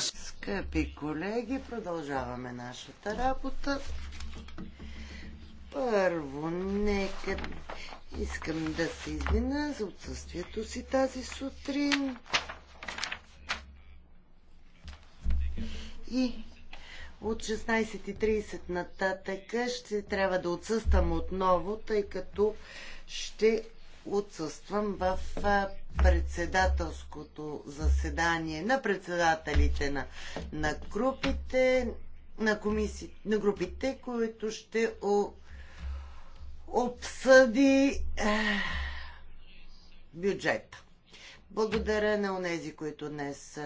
Скъпи колеги, продължаваме нашата работа. Първо, нека искам да се извина за отсъствието си тази сутрин. И от 16.30 нататък ще трябва да отсъствам отново, тъй като ще отсъствам в председателското заседание на председателите на, на групите, на, комиси, на групите, които ще о, обсъди е, бюджета. Благодаря на онези, които днес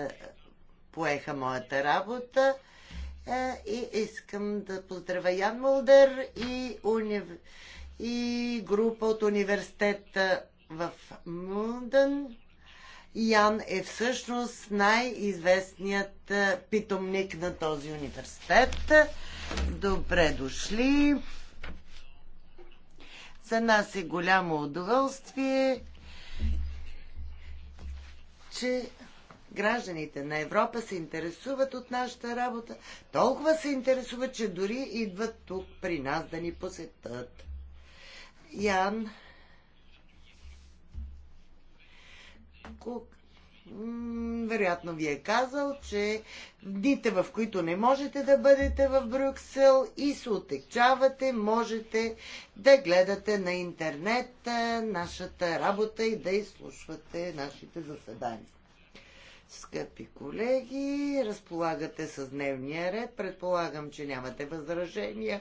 поеха моята работа е, и искам да поздравя Ян Молдер и и група от университета в Мундън. Ян е всъщност най-известният питомник на този университет. Добре дошли! За нас е голямо удоволствие, че гражданите на Европа се интересуват от нашата работа. Толкова се интересуват, че дори идват тук при нас да ни посетат. Ян, вероятно ви е казал, че дните, в които не можете да бъдете в Брюксел и се отекчавате, можете да гледате на интернет нашата работа и да изслушвате нашите заседания. Скъпи колеги, разполагате с дневния ред. Предполагам, че нямате възражения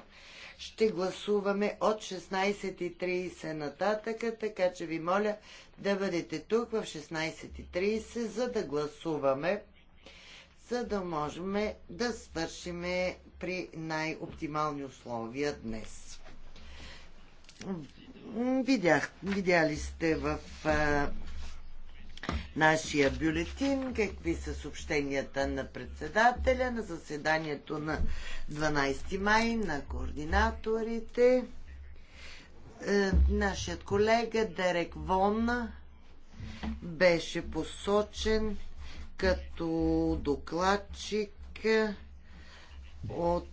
ще гласуваме от 16.30 нататък, така че ви моля да бъдете тук в 16.30, за да гласуваме, за да можем да свършиме при най-оптимални условия днес. Видях, видяли сте в нашия бюлетин, какви са съобщенията на председателя на заседанието на 12 май на координаторите. Е, нашият колега Дерек Вон беше посочен като докладчик от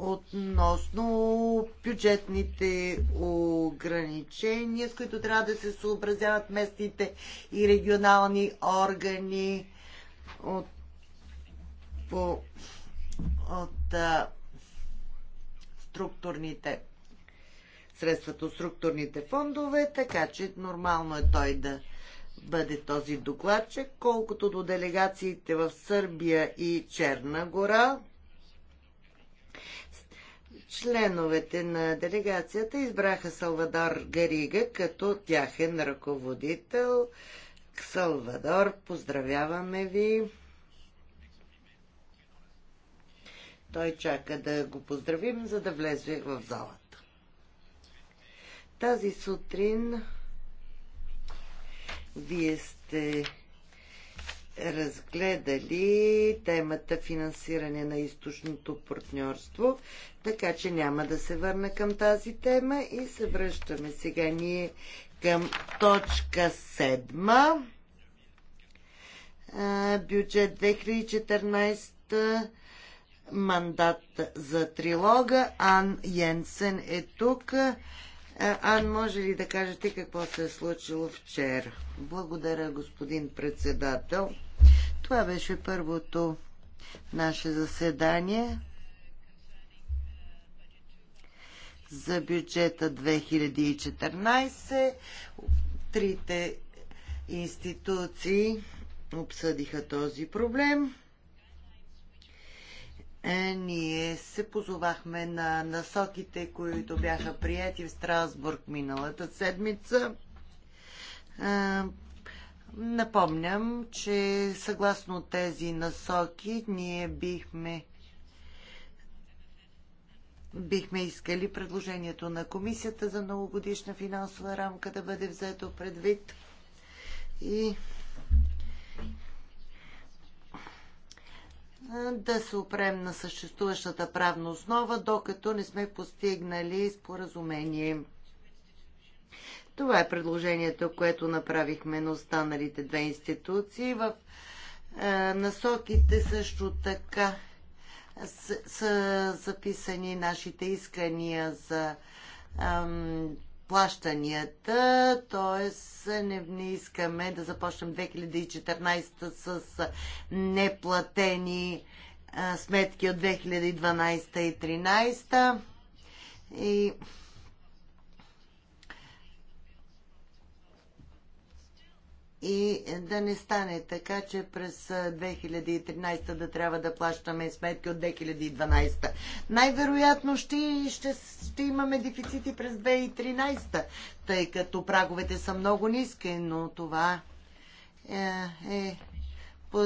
относно бюджетните ограничения, с които трябва да се съобразяват местните и регионални органи от, по, от а, структурните средствата от структурните фондове, така че нормално е той да бъде този докладчик, колкото до делегациите в Сърбия и Черна гора. Членовете на делегацията избраха Салвадор Гарига като тяхен ръководител. Салвадор, поздравяваме ви! Той чака да го поздравим, за да влезе в залата. Тази сутрин вие сте разгледали темата финансиране на източното партньорство, така че няма да се върна към тази тема и се връщаме сега ние към точка 7. Бюджет 2014 мандат за трилога. Ан Йенсен е тук. Ан, може ли да кажете какво се е случило вчера? Благодаря, господин председател. Това беше първото наше заседание за бюджета 2014. Трите институции обсъдиха този проблем е, ние се позовахме на насоките, които бяха прияти в Страсбург миналата седмица. Е, напомням, че съгласно тези насоки ние бихме бихме искали предложението на комисията за новогодишна финансова рамка да бъде взето предвид и да се опрем на съществуващата правна основа, докато не сме постигнали споразумение. Това е предложението, което направихме на останалите две институции. В е, насоките също така са записани нашите искания за плащанията, т.е. Не, не искаме да започнем 2014 с неплатени а, сметки от 2012 и 2013. И и да не стане така, че през 2013 да трябва да плащаме сметки от 2012. Най-вероятно ще, ще, ще имаме дефицити през 2013, тъй като праговете са много ниски, но това е, е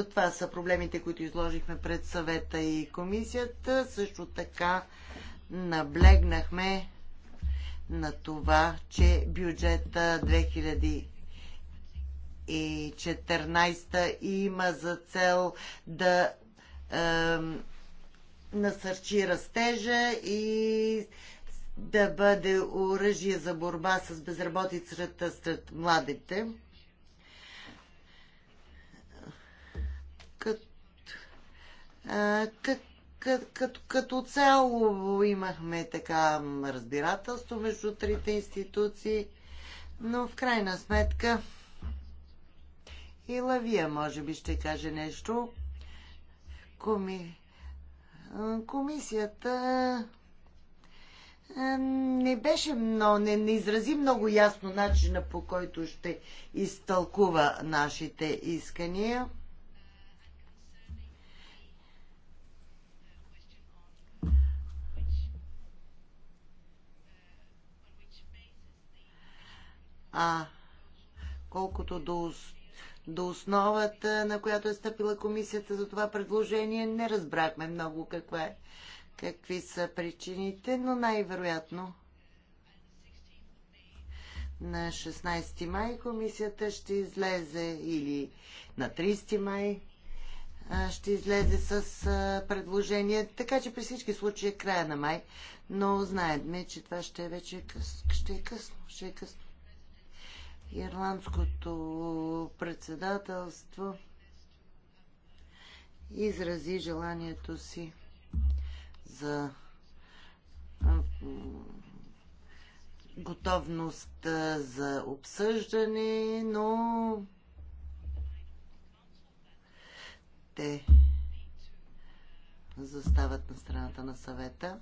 това са проблемите, които изложихме пред съвета и комисията. Също така наблегнахме на това, че бюджета 2000 2014 има за цел да е, насърчи растежа и да бъде оръжие за борба с безработицата сред младите. Като, като, като цяло имахме така разбирателство между трите институции, но в крайна сметка и Лавия, може би, ще каже нещо. Коми... Комисията е, не беше много, не, не изрази много ясно начина по който ще изтълкува нашите искания. А колкото до до основата, на която е стъпила комисията за това предложение. Не разбрахме много каква е, какви са причините, но най-вероятно на 16 май комисията ще излезе или на 30 май ще излезе с предложение. Така че при всички случаи е края на май. Но знаем, че това ще е вече ще е късно. Ще е късно. Ирландското председателство изрази желанието си за готовност за обсъждане, но те застават на страната на съвета.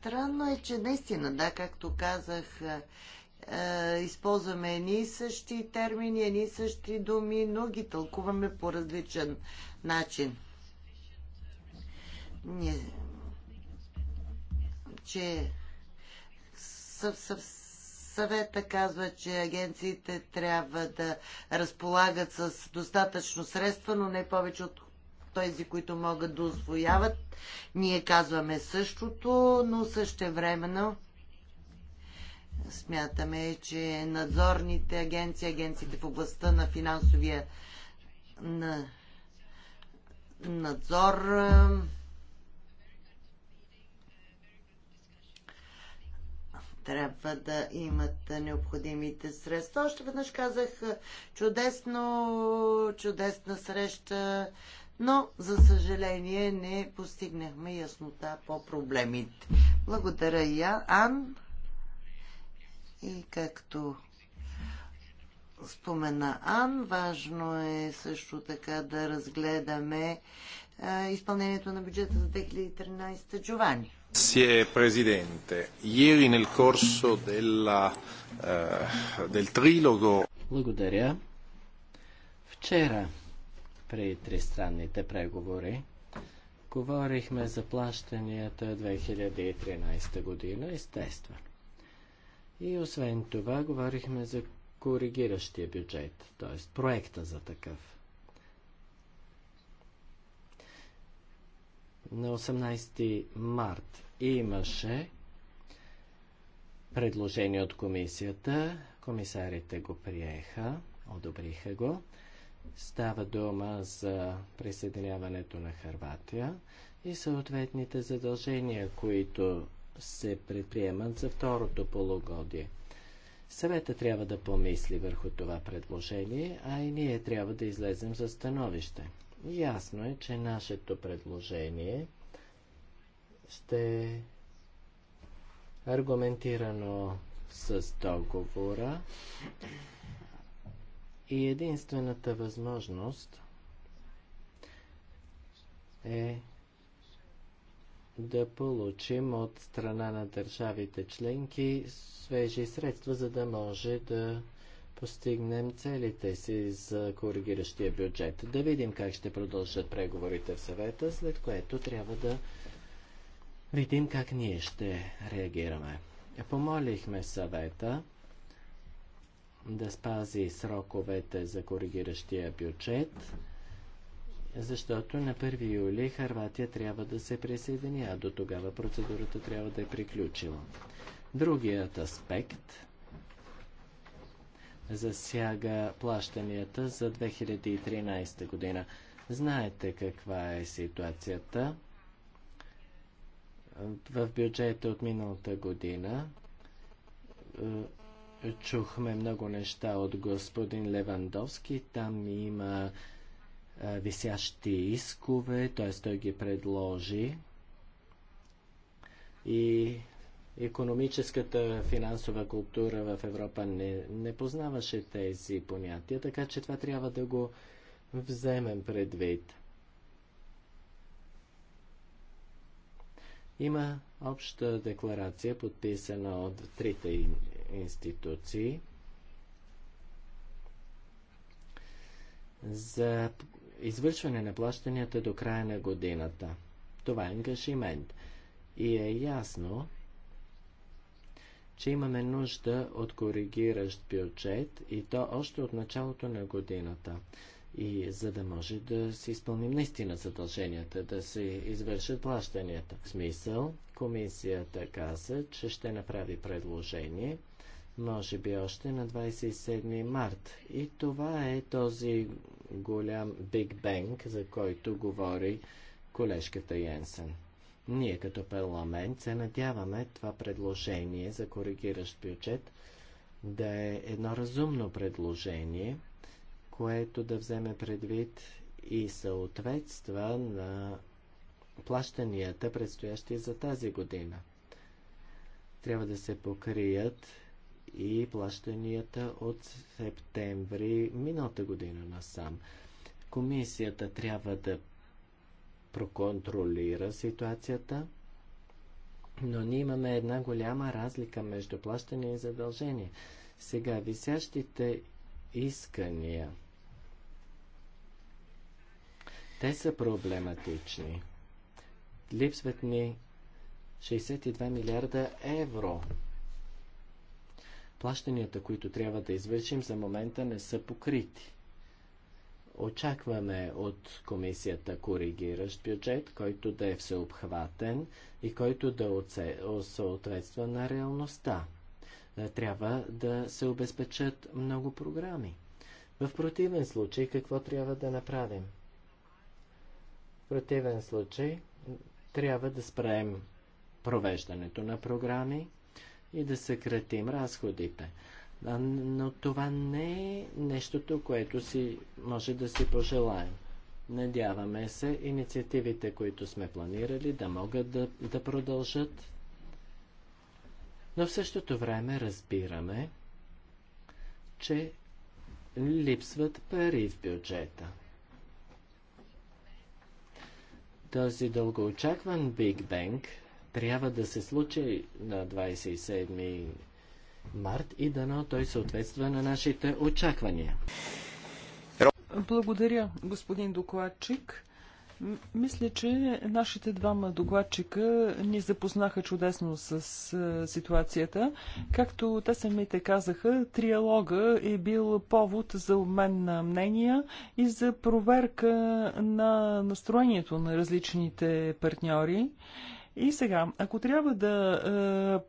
странно е, че наистина, да, както казах, е, е, използваме едни и същи термини, едни и същи думи, но ги тълкуваме по различен начин. Не, че съв, съв, съвета казва, че агенциите трябва да разполагат с достатъчно средства, но не повече от тези, които могат да освояват. Ние казваме същото, но същевременно смятаме, че надзорните агенции, агенциите в областта на финансовия на надзор трябва да имат необходимите средства. Още веднъж казах чудесно, чудесна среща но за съжаление не постигнахме яснота по проблемите. Благодаря и Ан. И както спомена Ан, важно е също така да разгледаме а, изпълнението на бюджета за 2013 Джовани. Grazie Presidente. Ieri nel corso della, uh, del trilogo. Благодаря. Вчера при тристранните преговори. Говорихме за плащанията 2013 година, естествено. И освен това, говорихме за коригиращия бюджет, т.е. проекта за такъв. На 18 март имаше предложение от комисията. Комисарите го приеха, одобриха го. Става дума за присъединяването на Харватия и съответните задължения, които се предприемат за второто полугодие. Съвета трябва да помисли върху това предложение, а и ние трябва да излезем за становище. Ясно е, че нашето предложение ще е аргументирано с договора и единствената възможност е да получим от страна на държавите членки свежи средства, за да може да постигнем целите си за коригиращия бюджет. Да видим как ще продължат преговорите в съвета, след което трябва да видим как ние ще реагираме. Помолихме съвета да спази сроковете за коригиращия бюджет, защото на 1 юли Харватия трябва да се присъедини, а до тогава процедурата трябва да е приключила. Другият аспект засяга плащанията за 2013 година. Знаете каква е ситуацията. В бюджета от миналата година е, чухме много неща от господин Левандовски. Там има висящи искове, т.е. той ги предложи. И економическата финансова култура в Европа не, не познаваше тези понятия, така че това трябва да го вземем предвид. Има обща декларация, подписана от трите институции за извършване на плащанията до края на годината. Това е ангажимент. И е ясно, че имаме нужда от коригиращ бюджет и то още от началото на годината. И за да може да си изпълним наистина задълженията, да се извършат плащанията. В смисъл, комисията каза, че ще направи предложение – може би още на 27 март. И това е този голям Биг Бенг, за който говори колежката Йенсен. Ние като парламент се надяваме това предложение за коригиращ бюджет да е едно разумно предложение, което да вземе предвид и съответства на плащанията, предстоящи за тази година. Трябва да се покрият и плащанията от септември миналата година насам. Комисията трябва да проконтролира ситуацията, но ние имаме една голяма разлика между плащане и задължение. Сега висящите искания. Те са проблематични. Липсват ни 62 милиарда евро плащанията, които трябва да извършим, за момента не са покрити. Очакваме от комисията коригиращ бюджет, който да е всеобхватен и който да оце... съответства на реалността. Е, трябва да се обезпечат много програми. В противен случай, какво трябва да направим? В противен случай, трябва да спрем провеждането на програми, и да съкратим разходите. Но това не е нещото, което си може да си пожелаем. Надяваме се инициативите, които сме планирали, да могат да, да продължат. Но в същото време разбираме, че липсват пари в бюджета. Този дългоочакван Биг Бенг – трябва да се случи на 27 март и дано той съответства на нашите очаквания. Благодаря, господин докладчик. Мисля, че нашите двама докладчика ни запознаха чудесно с е, ситуацията. Както те самите казаха, триалога е бил повод за обмен на мнения и за проверка на настроението на различните партньори. И сега, ако трябва да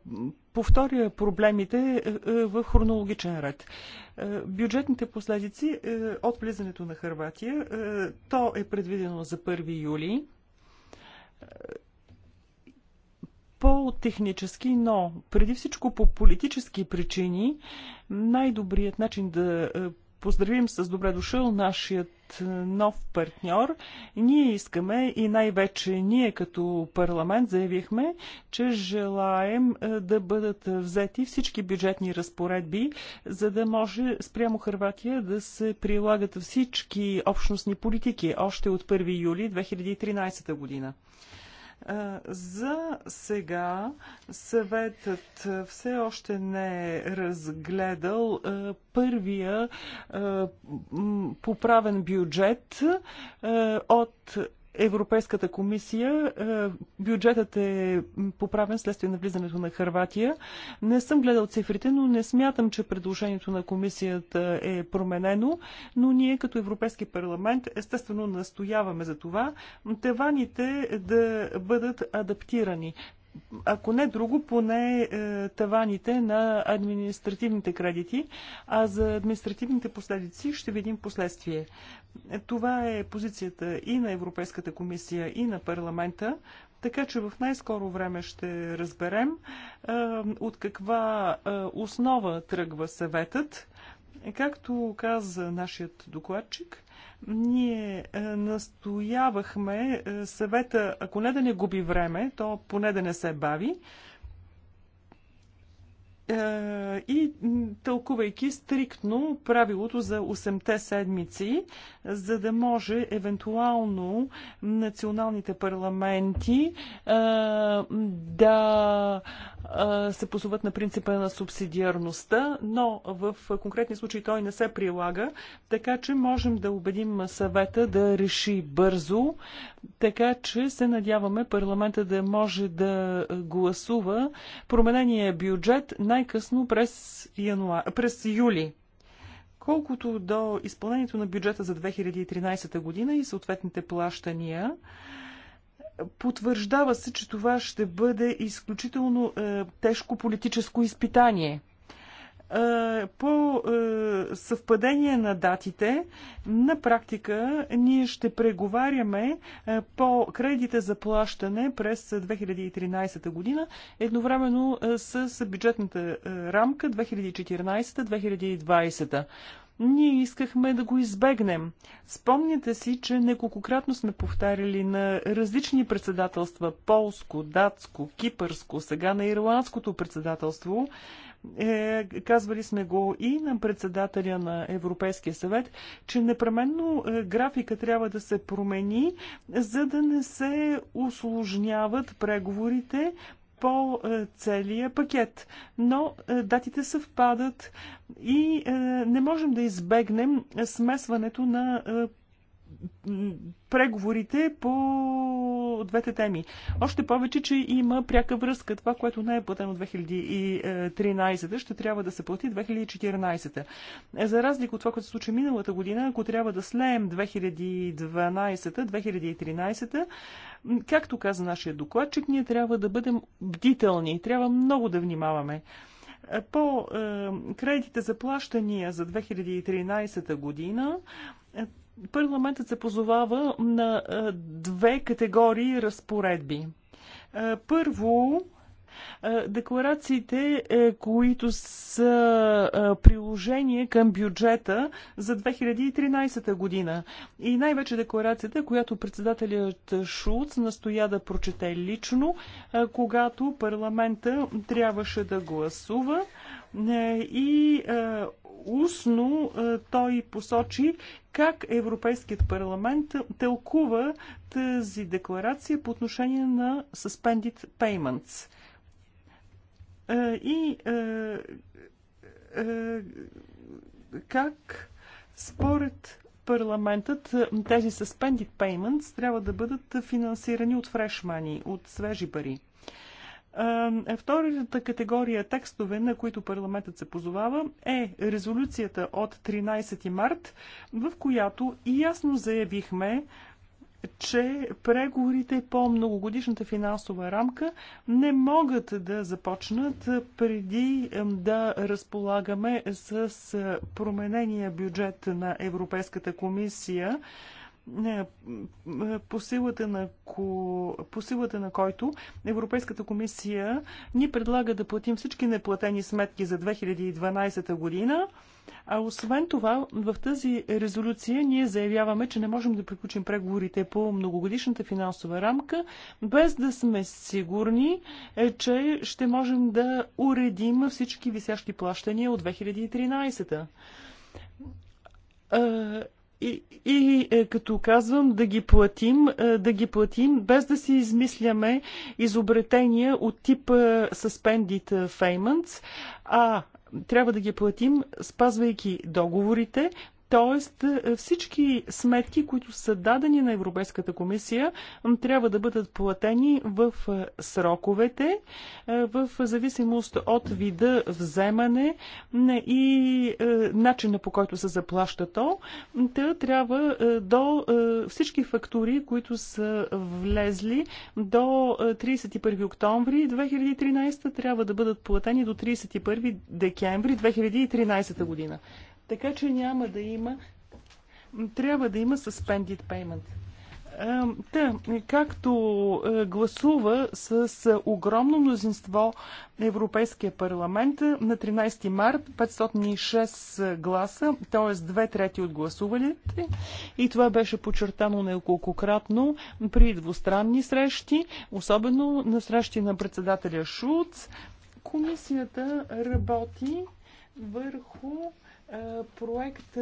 е, повторя проблемите е, е, в хронологичен ред. Е, бюджетните последици е, от влизането на Харватия, е, то е предвидено за 1 юли. Е, по-технически, но преди всичко по политически причини, най-добрият начин да е, поздравим с добре дошъл нашият е, нов партньор. Ние искаме и най-вече ние като парламент заявихме, че желаем е, да бъдат взети всички бюджетни разпоредби, за да може спрямо Харватия да се прилагат всички общностни политики още от 1 юли 2013 година. За сега съветът все още не е разгледал първия поправен бюджет от Европейската комисия. Е, бюджетът е поправен следствие на влизането на Харватия. Не съм гледал цифрите, но не смятам, че предложението на комисията е променено, но ние като Европейски парламент естествено настояваме за това таваните да бъдат адаптирани ако не друго, поне е, таваните на административните кредити, а за административните последици ще видим последствие. Това е позицията и на Европейската комисия, и на парламента, така че в най-скоро време ще разберем е, от каква е, основа тръгва съветът. Е, както каза нашият докладчик, ние е, настоявахме е, съвета, ако не да не губи време, то поне да не се бави. Е, и тълкувайки стриктно правилото за 8-те седмици, за да може евентуално националните парламенти е, да е, се позоват на принципа на субсидиарността, но в конкретни случаи той не се прилага, така че можем да убедим съвета да реши бързо, така че се надяваме парламента да може да гласува променения бюджет на най-късно през, януар, през юли. Колкото до изпълнението на бюджета за 2013 година и съответните плащания, потвърждава се, че това ще бъде изключително е, тежко политическо изпитание – е, по е, съвпадение на датите, на практика ние ще преговаряме е, по кредите за плащане през 2013 година, едновременно с бюджетната рамка 2014-2020 ние искахме да го избегнем. Спомняте си, че неколкократно сме повтаряли на различни председателства полско, датско, кипърско, сега на ирландското председателство, е, казвали сме го и на председателя на Европейския съвет, че непременно е, графика трябва да се промени, за да не се усложняват преговорите по е, целия пакет. Но е, датите съвпадат и не можем да избегнем смесването на преговорите по двете теми. Още повече, че има пряка връзка. Това, което не е платено 2013, ще трябва да се плати 2014. За разлика от това, което се случи миналата година, ако трябва да слеем 2012-2013, както каза нашия докладчик, ние трябва да бъдем бдителни, трябва много да внимаваме. По е, кредитите за плащания за 2013 година, парламентът се позовава на две категории разпоредби. Първо, декларациите, които са приложение към бюджета за 2013 година. И най-вече декларацията, която председателят Шулц настоя да прочете лично, когато парламента трябваше да гласува и устно той посочи, как Европейският парламент тълкува тази декларация по отношение на Suspended Payments. Е, и е, е, как според парламентът тези Suspended Payments трябва да бъдат финансирани от fresh money, от свежи пари. Втората категория текстове, на които парламентът се позовава, е резолюцията от 13 март, в която ясно заявихме, че преговорите по многогодишната финансова рамка не могат да започнат преди да разполагаме с променения бюджет на Европейската комисия е, е, по силата на, ко... по силата на който Европейската комисия ни предлага да платим всички неплатени сметки за 2012 година. А освен това, в тази резолюция ние заявяваме, че не можем да приключим преговорите по многогодишната финансова рамка, без да сме сигурни, е, че ще можем да уредим всички висящи плащания от 2013 и, и е, като казвам да ги платим, е, да ги платим, без да си измисляме изобретения от типа е, suspended payments, а трябва да ги платим, спазвайки договорите, Тоест е, всички сметки, които са дадени на Европейската комисия, трябва да бъдат платени в е, сроковете, е, в зависимост от вида вземане и начина по който се заплаща то. Те трябва до всички фактури, които са влезли до 31 октомври 2013, трябва да бъдат платени до 31 декември 2013 година. Така че няма да има. Трябва да има suspended payment. Та, както е, гласува с е, огромно мнозинство Европейския парламент е, на 13 март 506 гласа, т.е. две трети от гласувалите. И това беше подчертано неколкократно при двустранни срещи, особено на срещи на председателя Шуц. Комисията работи върху проект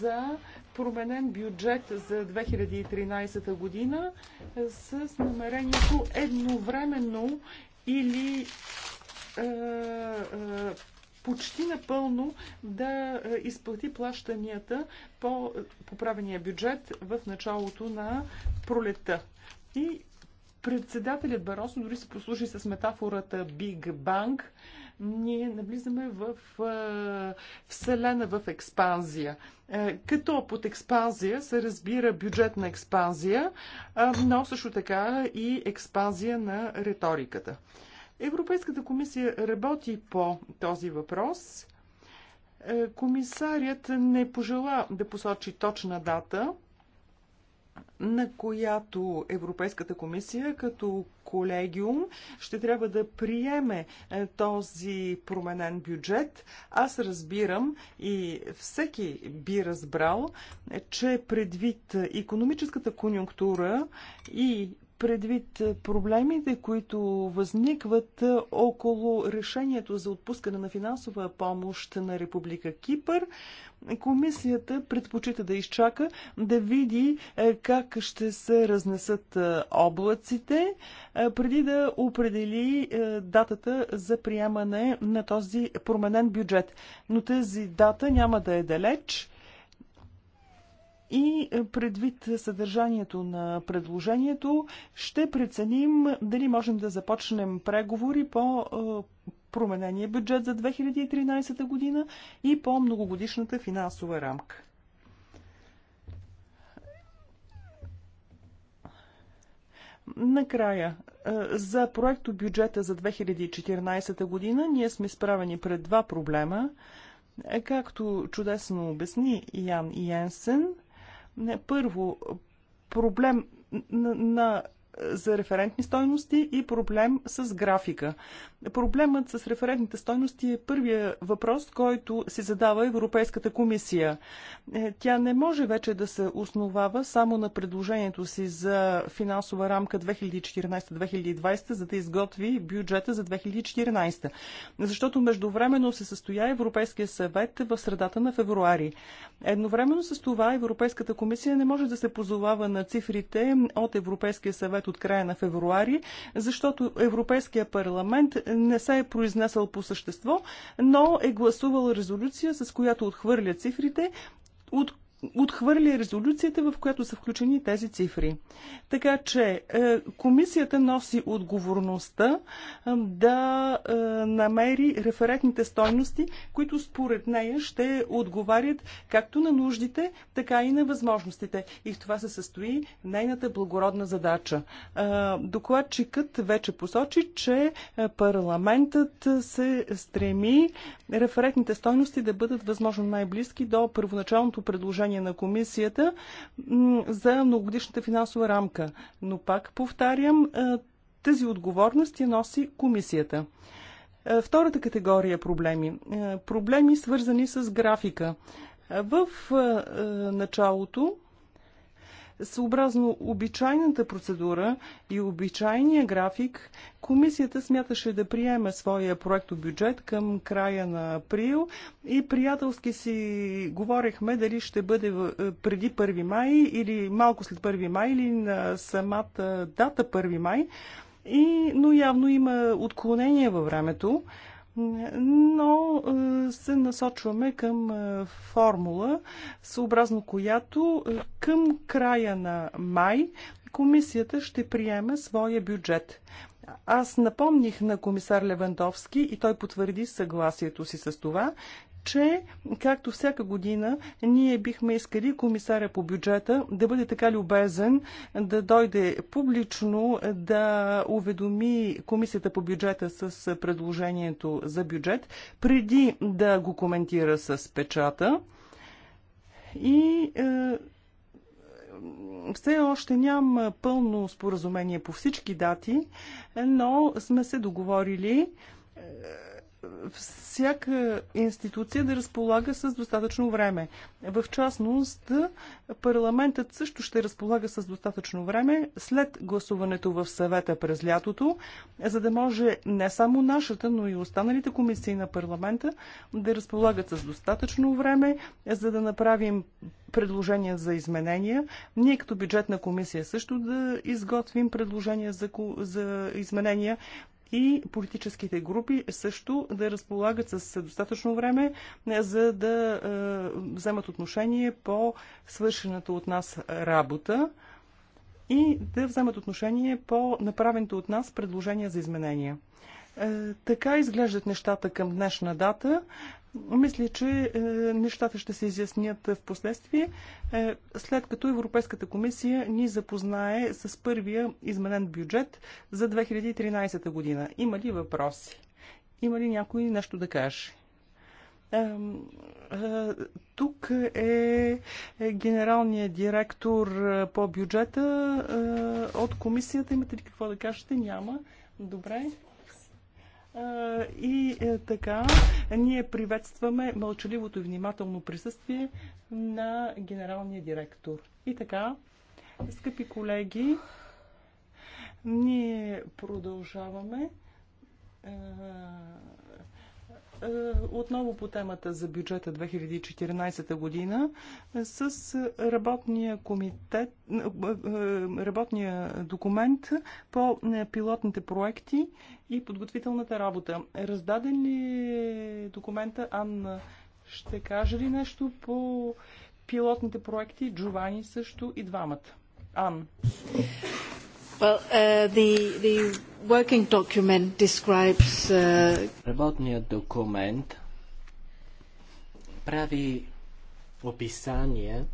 за променен бюджет за 2013 година с намерението едновременно или почти напълно да изплати плащанията по поправения бюджет в началото на пролета. И председателят Баросо дори се послужи с метафората Big Bang – ние навлизаме в вселена в експанзия. Е, като под експанзия се разбира бюджетна експанзия, но също така и експанзия на риториката. Европейската комисия работи по този въпрос. Е, Комисарият не пожела да посочи точна дата – на която Европейската комисия като колегиум ще трябва да приеме е, този променен бюджет. Аз разбирам и всеки би разбрал, е, че предвид економическата конюнктура и предвид е, проблемите, които възникват е, около решението за отпускане на финансова помощ на Република Кипър, комисията предпочита да изчака да види е, как ще се разнесат облаците, преди да определи датата за приемане на този променен бюджет. Но тази дата няма да е далеч и е, предвид съдържанието на предложението ще преценим дали можем да започнем преговори по е, променения бюджет за 2013 година и по многогодишната финансова рамка. Накрая, е, за проекто бюджета за 2014 година ние сме справени пред два проблема. Както чудесно обясни Ян Йенсен – не Първо, проблем на, на за референтни стойности и проблем с графика. Проблемът с референтните стойности е първия въпрос, който си задава Европейската комисия. Е, тя не може вече да се основава само на предложението си за финансова рамка 2014-2020, за да изготви бюджета за 2014. Защото междувременно се състоя Европейския съвет в средата на февруари. Едновременно с това Европейската комисия не може да се позовава на цифрите от Европейския съвет от края на февруари, защото Европейския парламент не се е произнесъл по същество, но е гласувал резолюция, с която отхвърля цифрите, от отхвърли резолюцията, в която са включени тези цифри. Така че е, комисията носи отговорността е, да е, намери референтните стойности, които според нея ще отговарят както на нуждите, така и на възможностите. И в това се състои нейната благородна задача. Докладчикът вече посочи, че парламентът се стреми референтните стойности да бъдат възможно най-близки до първоначалното предложение предложение на комисията за многогодишната финансова рамка. Но пак повтарям, тази отговорност я носи комисията. Втората категория е проблеми. Проблеми свързани с графика. В началото Съобразно обичайната процедура и обичайния график, комисията смяташе да приеме своя проекто бюджет към края на април и приятелски си говорехме, дали ще бъде е, преди 1 май или малко след 1 май или на самата дата 1 май. И, но явно има отклонение във времето но е, се насочваме към е, формула, съобразно която е, към края на май комисията ще приеме своя бюджет. Аз напомних на комисар Левандовски и той потвърди съгласието си с това, че, както всяка година, ние бихме искали комисаря по бюджета да бъде така любезен да дойде публично да уведоми комисията по бюджета с предложението за бюджет, преди да го коментира с печата. И е, все още няма пълно споразумение по всички дати, но сме се договорили. Е, всяка институция да разполага с достатъчно време. В частност, парламентът също ще разполага с достатъчно време след гласуването в съвета през лятото, за да може не само нашата, но и останалите комисии на парламента да разполагат с достатъчно време, за да направим предложения за изменения. Ние като бюджетна комисия също да изготвим предложения за, за изменения и политическите групи също да разполагат с достатъчно време, е, за да е, вземат отношение по свършената от нас работа и да вземат отношение по направеното от нас предложения за изменения. Е, така изглеждат нещата към днешна дата. Мисля, че е, нещата ще се изяснят в последствие, е, след като Европейската комисия ни запознае с първия изменен бюджет за 2013 година. Има ли въпроси? Има ли някой нещо да каже? Е, тук е, е генералният директор е, по бюджета от комисията. Имате ли какво да кажете? Няма. Добре. И е, така, ние приветстваме мълчаливото и внимателно присъствие на генералния директор. И така, скъпи колеги, ние продължаваме. Е, отново по темата за бюджета 2014 година е, с работния комитет, е, работния документ по пилотните проекти и подготвителната работа. Раздаден ли документа, Анна, ще каже ли нещо по пилотните проекти, Джовани също и двамата? Ан. Well, uh, the, the working document describes, uh... Работният документ прави описание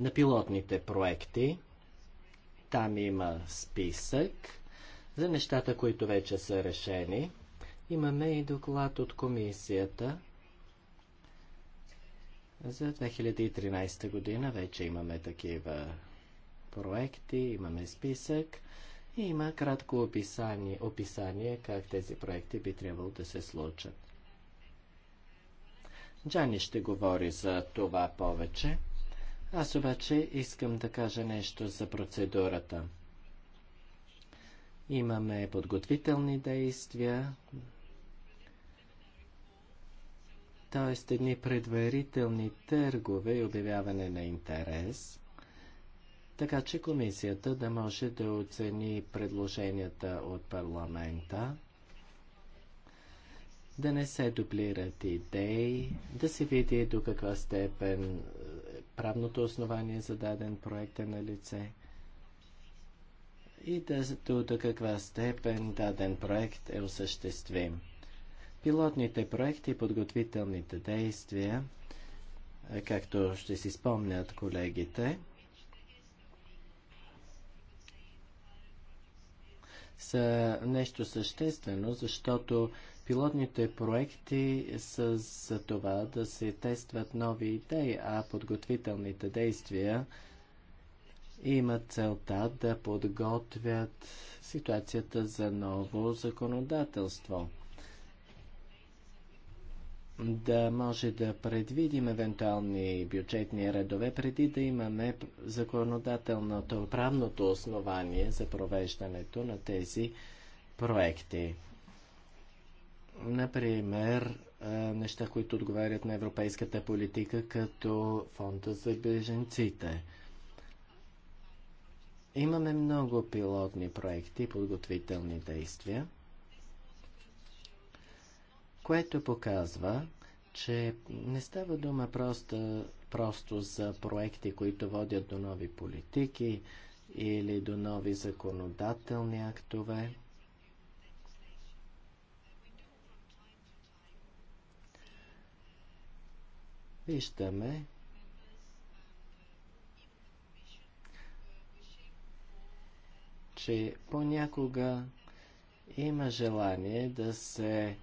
на пилотните проекти. Там има списък за нещата, които вече са решени. Имаме и доклад от комисията за 2013 година. Вече имаме такива проекти, имаме списък и има кратко описание, описание как тези проекти би трябвало да се случат. Джани ще говори за това повече. Аз обаче искам да кажа нещо за процедурата. Имаме подготвителни действия, т.е. едни предварителни търгове и обявяване на интерес – така че комисията да може да оцени предложенията от парламента, да не се дублират идеи, да се види до каква степен е, правното основание за даден проект е на лице и да, до, до каква степен даден проект е осъществим. Пилотните проекти и подготвителните действия, е, както ще си спомнят колегите, са нещо съществено, защото пилотните проекти са за това да се тестват нови идеи, а подготвителните действия имат целта да подготвят ситуацията за ново законодателство да може да предвидим евентуални бюджетни редове преди да имаме законодателното правното основание за провеждането на тези проекти. Например, е, неща, които отговарят на европейската политика, като фонда за беженците. Имаме много пилотни проекти, подготвителни действия което показва, че не става дума просто, просто за проекти, които водят до нови политики или до нови законодателни актове. Виждаме, че понякога има желание да се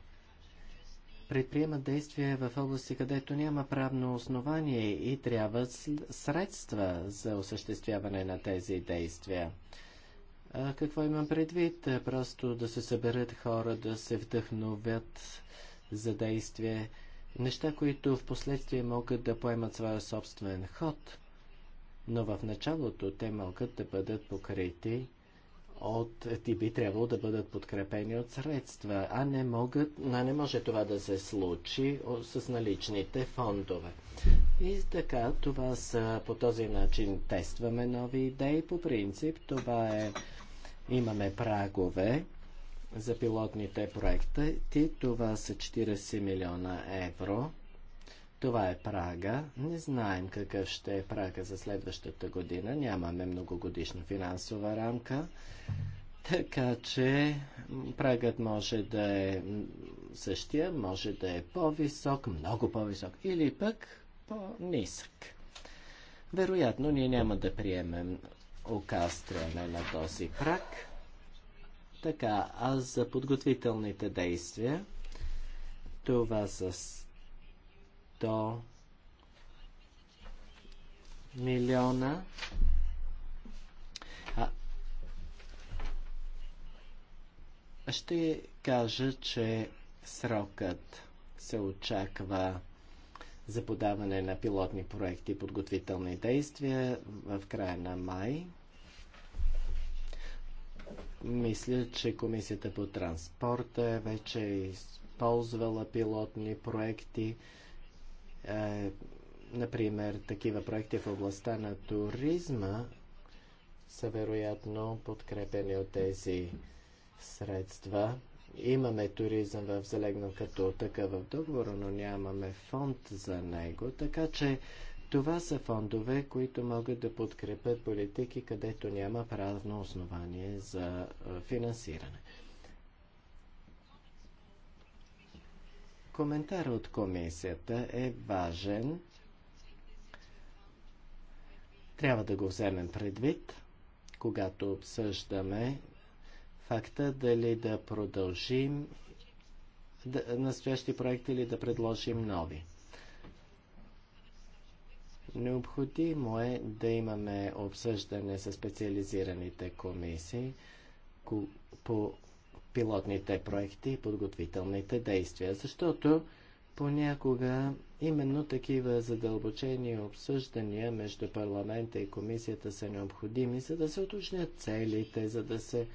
предприемат действия в области, където няма правно основание и трябва средства за осъществяване на тези действия. А какво имам предвид? Е, просто да се съберат хора, да се вдъхновят за действие. Неща, които в последствие могат да поемат своя собствен ход, но в началото те могат да бъдат покрити от, ти би трябвало да бъдат подкрепени от средства, а не, могат, а не може това да се случи с наличните фондове. И така, това са, по този начин тестваме нови идеи. По принцип, това е, имаме прагове за пилотните проекти. Това са 40 милиона евро това е прага. Не знаем какъв ще е прага за следващата година. Нямаме многогодишна финансова рамка. Така че прагът може да е същия, може да е по-висок, много по-висок или пък по-нисък. Вероятно, ние няма да приемем окастряне на този прак. Така, а за подготвителните действия, това с до милиона. А... Ще кажа, че срокът се очаква за подаване на пилотни проекти и подготвителни действия в края на май. Мисля, че Комисията по транспорта е вече е използвала пилотни проекти. Е, например, такива проекти в областта на туризма са вероятно подкрепени от тези средства. Имаме туризъм в залегнал като такъв в договора, но нямаме фонд за него, така че това са фондове, които могат да подкрепят политики, където няма правно основание за е, финансиране. Коментар от комисията е важен. Трябва да го вземем предвид, когато обсъждаме факта дали да продължим настоящи проекти или да предложим нови. Необходимо е да имаме обсъждане с специализираните комисии по пилотните проекти и подготвителните действия, защото понякога именно такива задълбочени обсъждания между парламента и комисията са необходими, за да се уточнят целите, за да се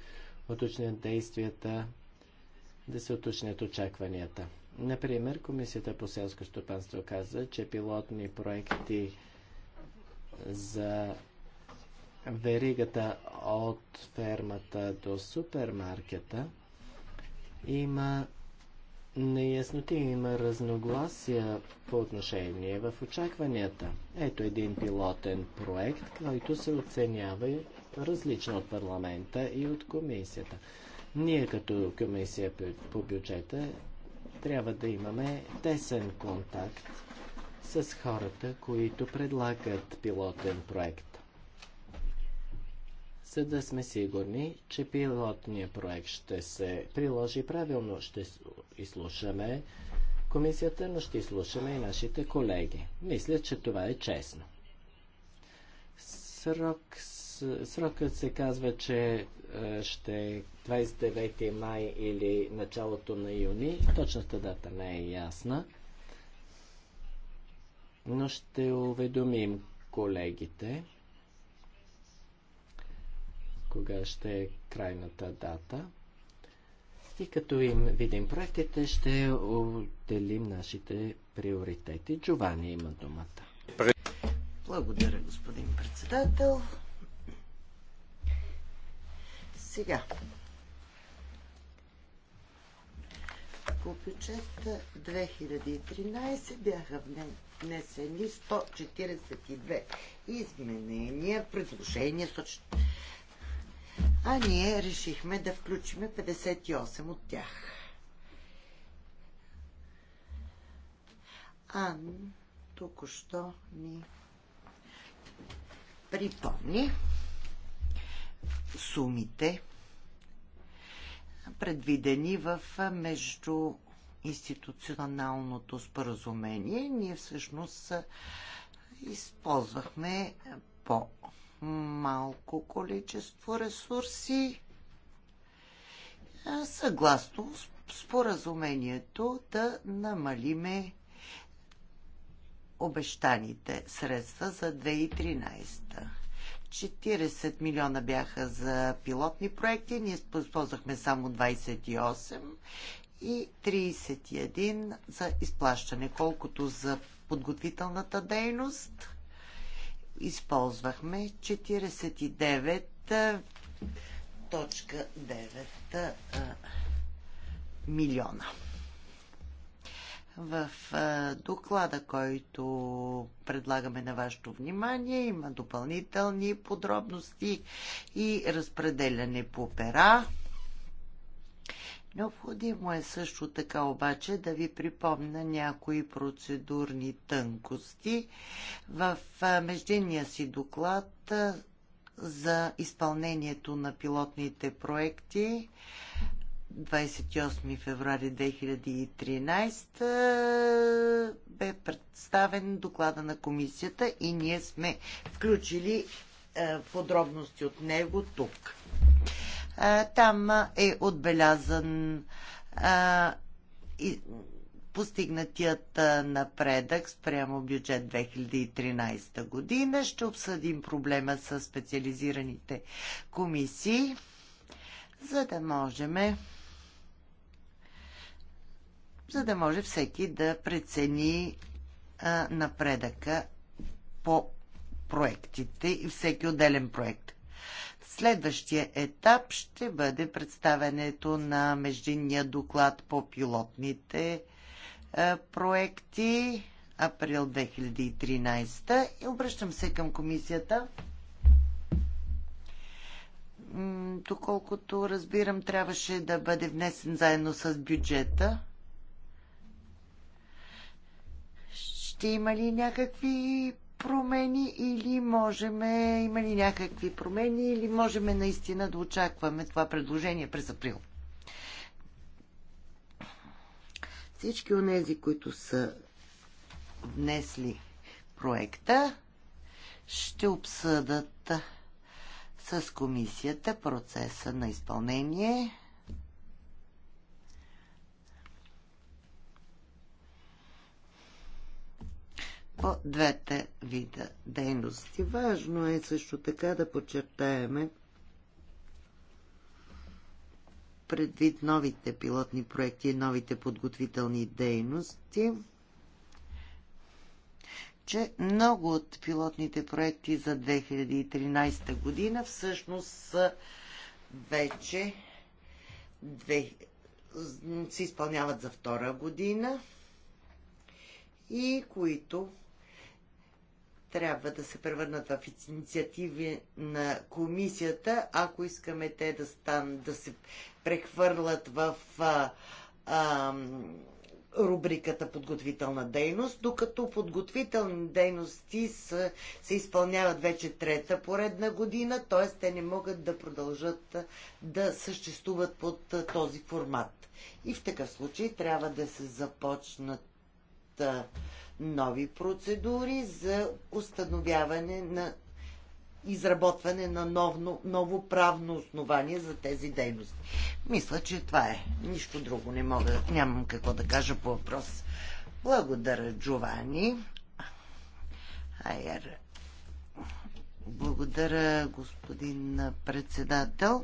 уточнят действията, да се уточнят очакванията. Например, Комисията по селско стопанство каза, че пилотни проекти за веригата от фермата до супермаркета – има неясноти, има разногласия по отношение в очакванията. Ето един пилотен проект, който се оценява различно от парламента и от комисията. Ние като комисия по бюджета трябва да имаме тесен контакт с хората, които предлагат пилотен проект за да сме сигурни, че пилотният проект ще се приложи правилно. Ще изслушаме комисията, но ще изслушаме и нашите колеги. Мисля, че това е честно. Срок, срокът се казва, че е, ще 29 е май или началото на юни. Точната дата не е ясна. Но ще уведомим колегите кога ще е крайната дата. И като им видим проектите, ще отделим нашите приоритети. Джовани има думата. Благодаря, господин председател. Сега. По бюджет 2013 бяха внесени 142 изменения, предложения, а ние решихме да включим 58 от тях. Ан току-що ни припомни сумите, предвидени в между институционалното споразумение. Ние всъщност използвахме по малко количество ресурси, съгласно споразумението да намалиме обещаните средства за 2013. 40 милиона бяха за пилотни проекти, ние използвахме само 28 и 31 за изплащане, колкото за подготвителната дейност използвахме 49.9 милиона. В доклада, който предлагаме на вашето внимание, има допълнителни подробности и разпределяне по пера. Необходимо е също така обаче да ви припомна някои процедурни тънкости в междинния си доклад за изпълнението на пилотните проекти 28 феврари 2013 бе представен доклада на комисията и ние сме включили подробности от него тук. Там е отбелязан постигнатият напредък спрямо бюджет 2013 година. Ще обсъдим проблема с специализираните комисии, за да можем за да може всеки да прецени напредъка по проектите и всеки отделен проект. Следващия етап ще бъде представенето на междинния доклад по пилотните е, проекти април 2013 и обръщам се към комисията. Доколкото разбирам, трябваше да бъде внесен заедно с бюджета. Ще има ли някакви промени или можем, има ли някакви промени или можем наистина да очакваме това предложение през април? Всички от тези, които са внесли проекта, ще обсъдат с комисията процеса на изпълнение по двете вида дейности. Важно е също така да подчертаеме предвид новите пилотни проекти и новите подготвителни дейности, че много от пилотните проекти за 2013 година всъщност са вече две, се изпълняват за втора година и които трябва да се превърнат в инициативи на комисията, ако искаме те да, стан, да се прехвърлят в а, а, рубриката подготвителна дейност, докато подготвителни дейности са, се изпълняват вече трета поредна година, т.е. те не могат да продължат да съществуват под този формат. И в такъв случай трябва да се започнат нови процедури за установяване на изработване на ново, ново правно основание за тези дейности. Мисля, че това е. Нищо друго не мога, нямам какво да кажа по въпрос. Благодаря, Джовани. Айер. Благодаря, господин председател.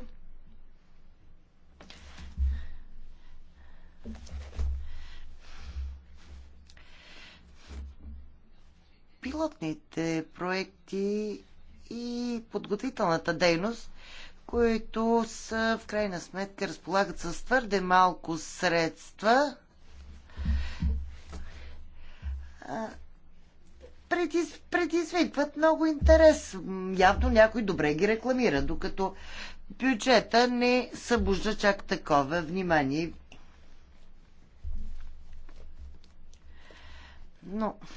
пилотните проекти и подготвителната дейност, които са в крайна сметка разполагат с твърде малко средства. Предиз, предизвикват много интерес. Явно някой добре ги рекламира, докато бюджета не събужда чак такова внимание. Но... No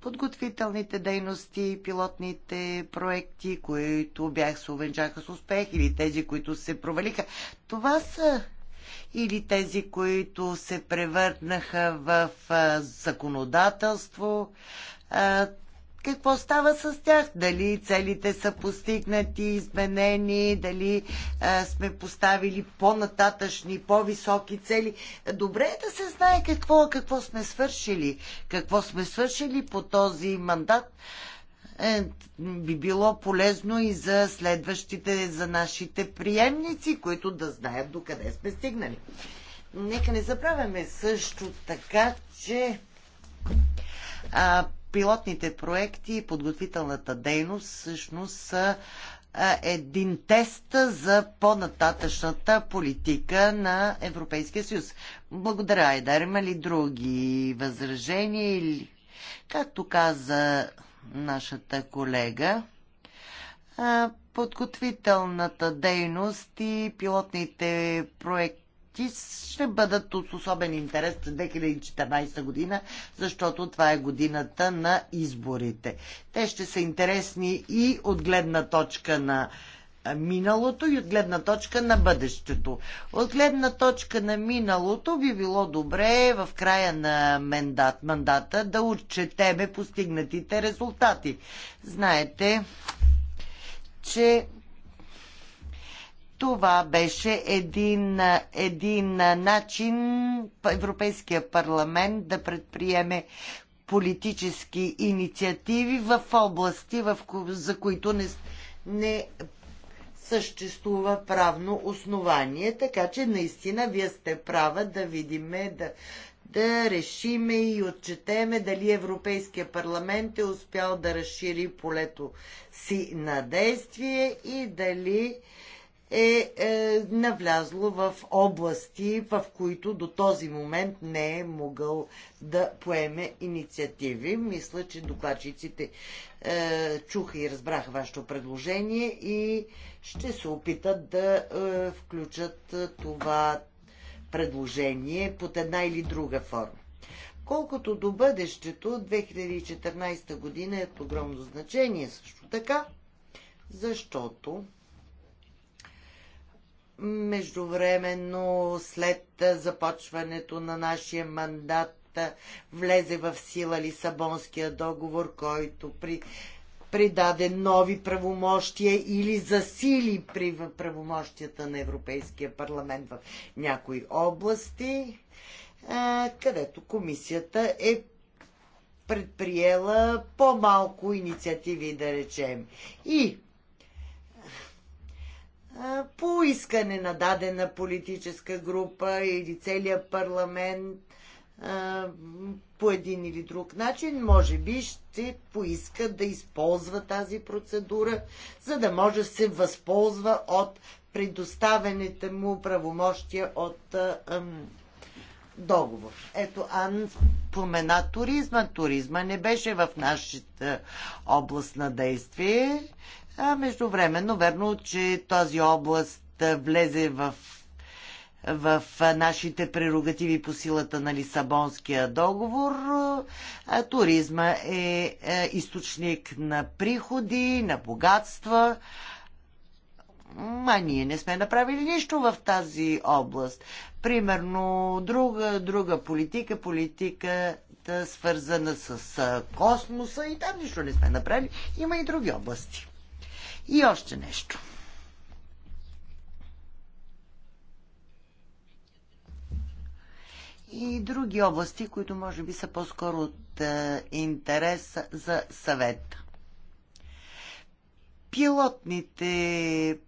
подготвителните дейности, пилотните проекти, които бях се увенчаха с успех или тези, които се провалиха. Това са или тези, които се превърнаха в законодателство какво става с тях. Дали целите са постигнати, изменени, дали а, сме поставили по-нататъчни, по-високи цели. Добре е да се знае какво, какво сме свършили. Какво сме свършили по този мандат е, би било полезно и за следващите, за нашите приемници, които да знаят докъде сме стигнали. Нека не забравяме също така, че а, пилотните проекти и подготвителната дейност всъщност са един тест за по-нататъчната политика на Европейския съюз. Благодаря, Айдар. Има ли други възражения или... Както каза нашата колега, подготвителната дейност и пилотните проекти ти ще бъдат от особен интерес през 2014 година, защото това е годината на изборите. Те ще са интересни и от гледна точка на миналото и от гледна точка на бъдещето. От гледна точка на миналото би било добре в края на мандат, мандата да отчетеме постигнатите резултати. Знаете, че това беше един, един начин Европейския парламент да предприеме политически инициативи в области, в, за които не, не съществува правно основание. Така че наистина вие сте права да видиме, да, да решиме и отчетеме дали Европейския парламент е успял да разшири полето си на действие и дали е, е навлязло в области, в които до този момент не е могъл да поеме инициативи. Мисля, че докладчиците е, чуха и разбраха вашето предложение и ще се опитат да е, включат е, това предложение под една или друга форма. Колкото до бъдещето, 2014 година е от огромно значение също така, защото Междувременно, след започването на нашия мандат, влезе в сила Лисабонския договор, който при, придаде нови правомощия или засили при правомощията на Европейския парламент в някои области, където комисията е предприела по-малко инициативи, да речем. И по искане на дадена политическа група или целия парламент по един или друг начин, може би ще поиска да използва тази процедура, за да може да се възползва от предоставените му правомощия от ам, договор. Ето, Ан спомена туризма. Туризма не беше в нашата област на действие. А междувременно, верно, че тази област влезе в в нашите прерогативи по силата на Лисабонския договор. Туризма е, е източник на приходи, на богатства. А ние не сме направили нищо в тази област. Примерно, друга, друга политика, политика свързана с космоса и там нищо не сме направили. Има и други области. И още нещо. И други области, които може би са по-скоро от е, интерес за съвет. Пилотните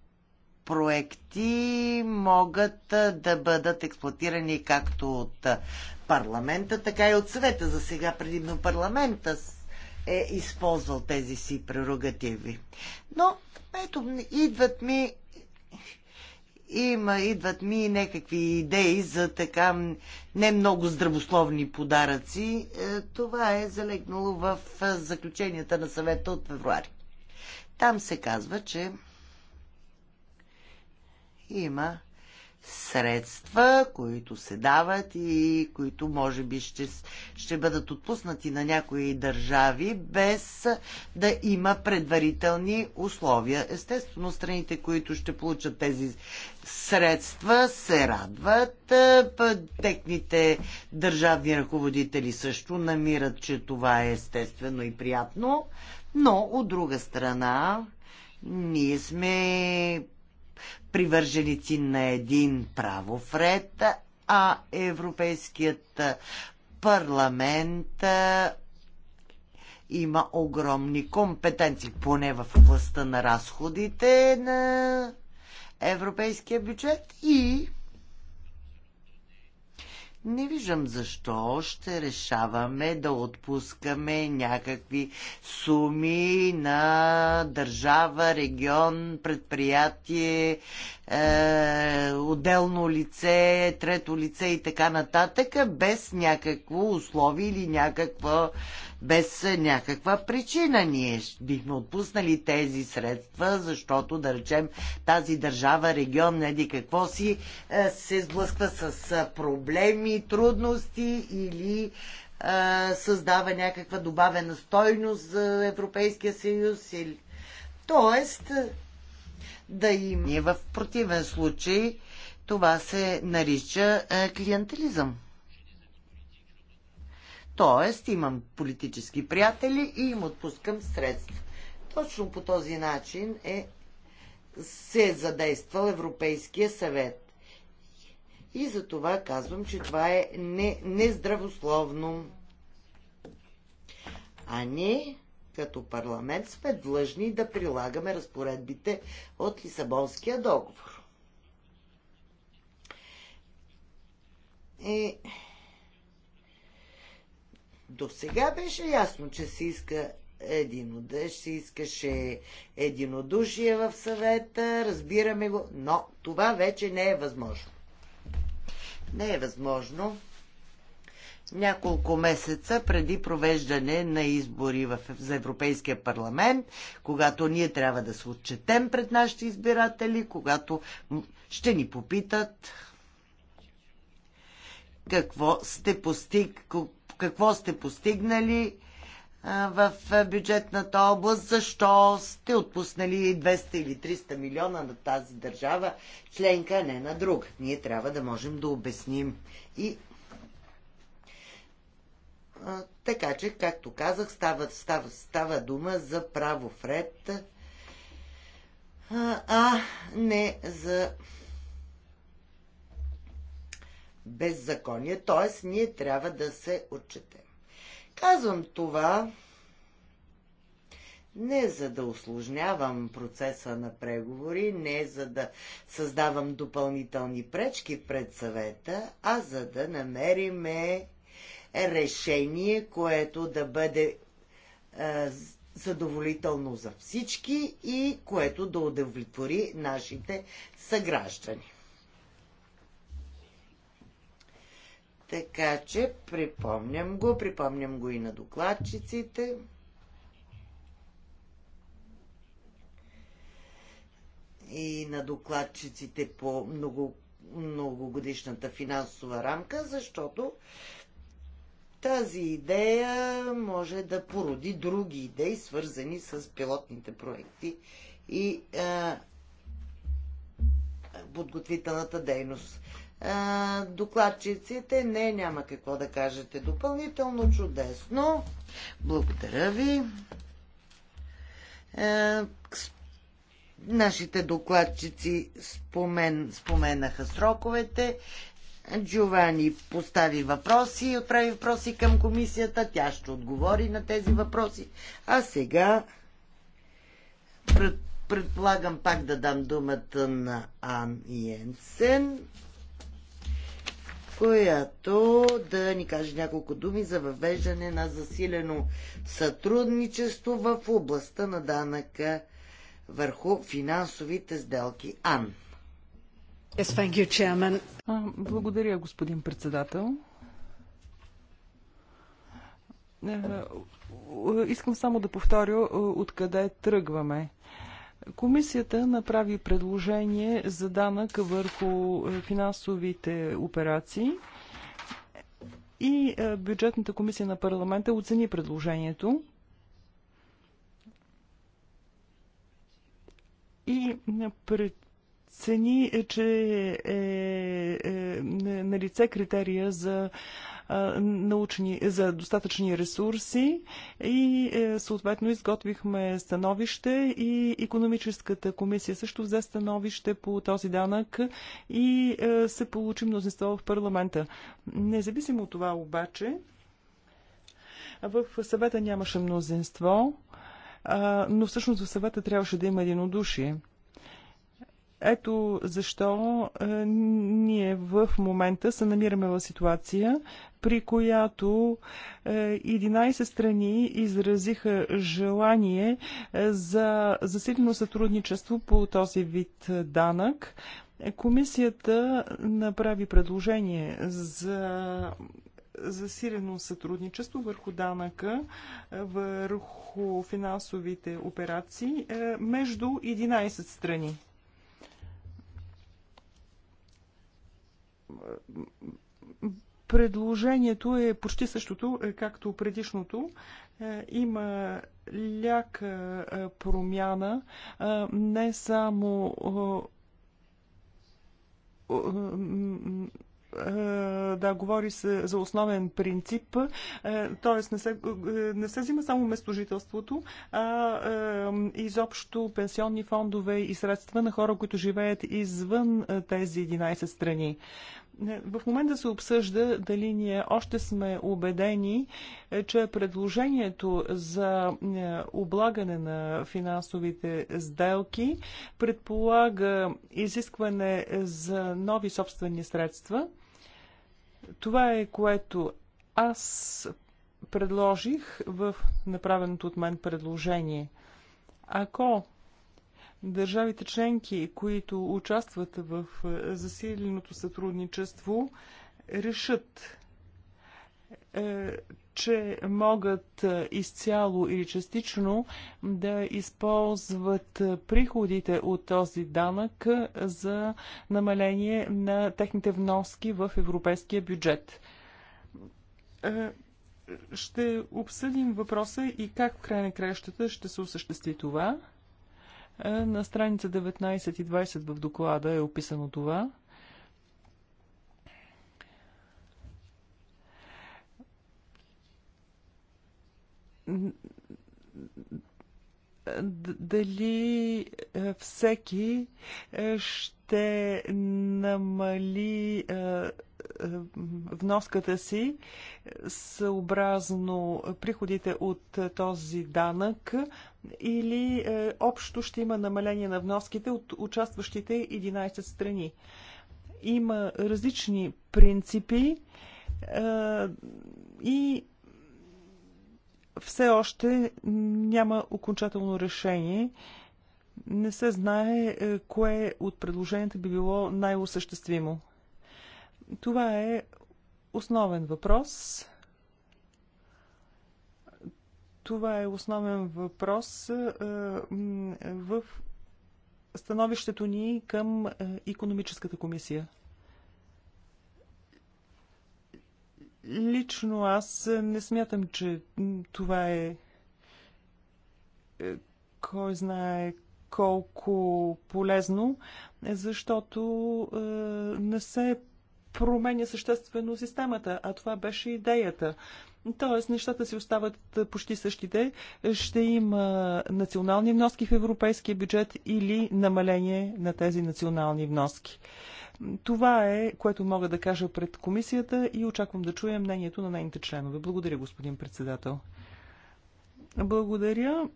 проекти могат е, да бъдат експлуатирани както от парламента, така и от съвета. За сега предимно парламента е използвал тези си прерогативи. Но, ето, идват ми има, идват ми някакви идеи за така не много здравословни подаръци. Е, това е залегнало в е, заключенията на съвета от февруари. Там се казва, че има средства, които се дават и които може би ще, ще бъдат отпуснати на някои държави без да има предварителни условия. Естествено, страните, които ще получат тези средства, се радват. Техните държавни ръководители също намират, че това е естествено и приятно. Но, от друга страна, ние сме привърженици на един правов ред, а Европейският парламент има огромни компетенции, поне в областта на разходите на европейския бюджет и не виждам защо ще решаваме да отпускаме някакви суми на държава, регион, предприятие, е, отделно лице, трето лице и така нататък, без някакво условие или някаква без някаква причина. Ние бихме отпуснали тези средства, защото, да речем, тази държава, регион, неди какво си, е, се сблъсква с е, проблеми, трудности или е, създава някаква добавена стойност за Европейския съюз. Или... Тоест, да им. В противен случай това се нарича клиентелизъм. Тоест, имам политически приятели и им отпускам средства. Точно по този начин е, се е задействал Европейския съвет. И за това казвам, че това е не, нездравословно. А ние, като парламент, сме длъжни да прилагаме разпоредбите от Лисабонския договор. И... Е до сега беше ясно, че се иска единодеш, се искаше единодушие в съвета, разбираме го, но това вече не е възможно. Не е възможно няколко месеца преди провеждане на избори в, за Европейския парламент, когато ние трябва да се отчетем пред нашите избиратели, когато ще ни попитат какво сте постиг, какво сте постигнали в бюджетната област, защо сте отпуснали 200 или 300 милиона на тази държава членка, а не на друг. Ние трябва да можем да обясним. И така че, както казах, става, става, става дума за право вред, а не за беззаконие, т.е. ние трябва да се отчетем. Казвам това не за да осложнявам процеса на преговори, не за да създавам допълнителни пречки пред съвета, а за да намериме решение, което да бъде е, задоволително за всички и което да удовлетвори нашите съграждани. Така че припомням го, припомням го и на докладчиците. И на докладчиците по много, многогодишната финансова рамка, защото тази идея може да породи други идеи, свързани с пилотните проекти и а, подготвителната дейност докладчиците. Не, няма какво да кажете допълнително. Чудесно. Благодаря ви. А, нашите докладчици спомен, споменаха сроковете. Джовани постави въпроси, отправи въпроси към комисията, тя ще отговори на тези въпроси. А сега пред, предполагам пак да дам думата на Ан Йенсен която да ни каже няколко думи за въвеждане на засилено сътрудничество в областта на данъка върху финансовите сделки. Ан. Yes, thank you, chairman. благодаря, господин председател. Е, е, искам само да повторя е, откъде тръгваме. Комисията направи предложение за данък върху е, финансовите операции и е, бюджетната комисия на парламента оцени предложението. И е, прецени, че е, е, е на лице критерия за научни, за достатъчни ресурси и е, съответно изготвихме становище и економическата комисия също взе становище по този данък и е, се получи мнозинство в парламента. Независимо от това обаче, в съвета нямаше мнозинство, но всъщност в съвета трябваше да има единодушие. Ето защо е, ние в момента се намираме в ситуация, при която 11 е, страни изразиха желание е, за засилено сътрудничество по този вид данък. Комисията направи предложение за засилено сътрудничество върху данъка, е, върху финансовите операции между 11 страни Предложението е почти същото, е, както предишното. Е, има ляка е, промяна не само да, говори се за основен принцип, т.е. Не се, не се взима само местожителството, а изобщо пенсионни фондове и средства на хора, които живеят извън тези 11 страни. В момента се обсъжда дали ние още сме убедени, е, че предложението за е, облагане на финансовите сделки предполага изискване за нови собствени средства. Това е което аз предложих в направеното от мен предложение. Ако Държавите членки, които участват в е, засиленото сътрудничество, решат, е, че могат е, изцяло или частично да използват приходите от този данък за намаление на техните вноски в европейския бюджет ще обсъдим въпроса и как в край на краищата ще се осъществи това. Е, на страница 19 и 20 в доклада е описано това. дали е, всеки е, ще намали вноската си съобразно приходите от този данък или е, общо ще има намаление на вноските от участващите 11 страни. Има различни принципи е, и все още няма окончателно решение. Не се знае е, кое от предложенията би било най-осъществимо. Това е основен въпрос. Това е основен въпрос е, в становището ни към е, економическата комисия. Лично аз не смятам, че това е, е кой знае колко полезно, защото не се променя съществено системата, а това беше идеята. Тоест, нещата си остават почти същите. Ще има национални вноски в европейския бюджет или намаление на тези национални вноски. Това е, което мога да кажа пред комисията и очаквам да чуя мнението на нейните членове. Благодаря, господин председател. Благодаря.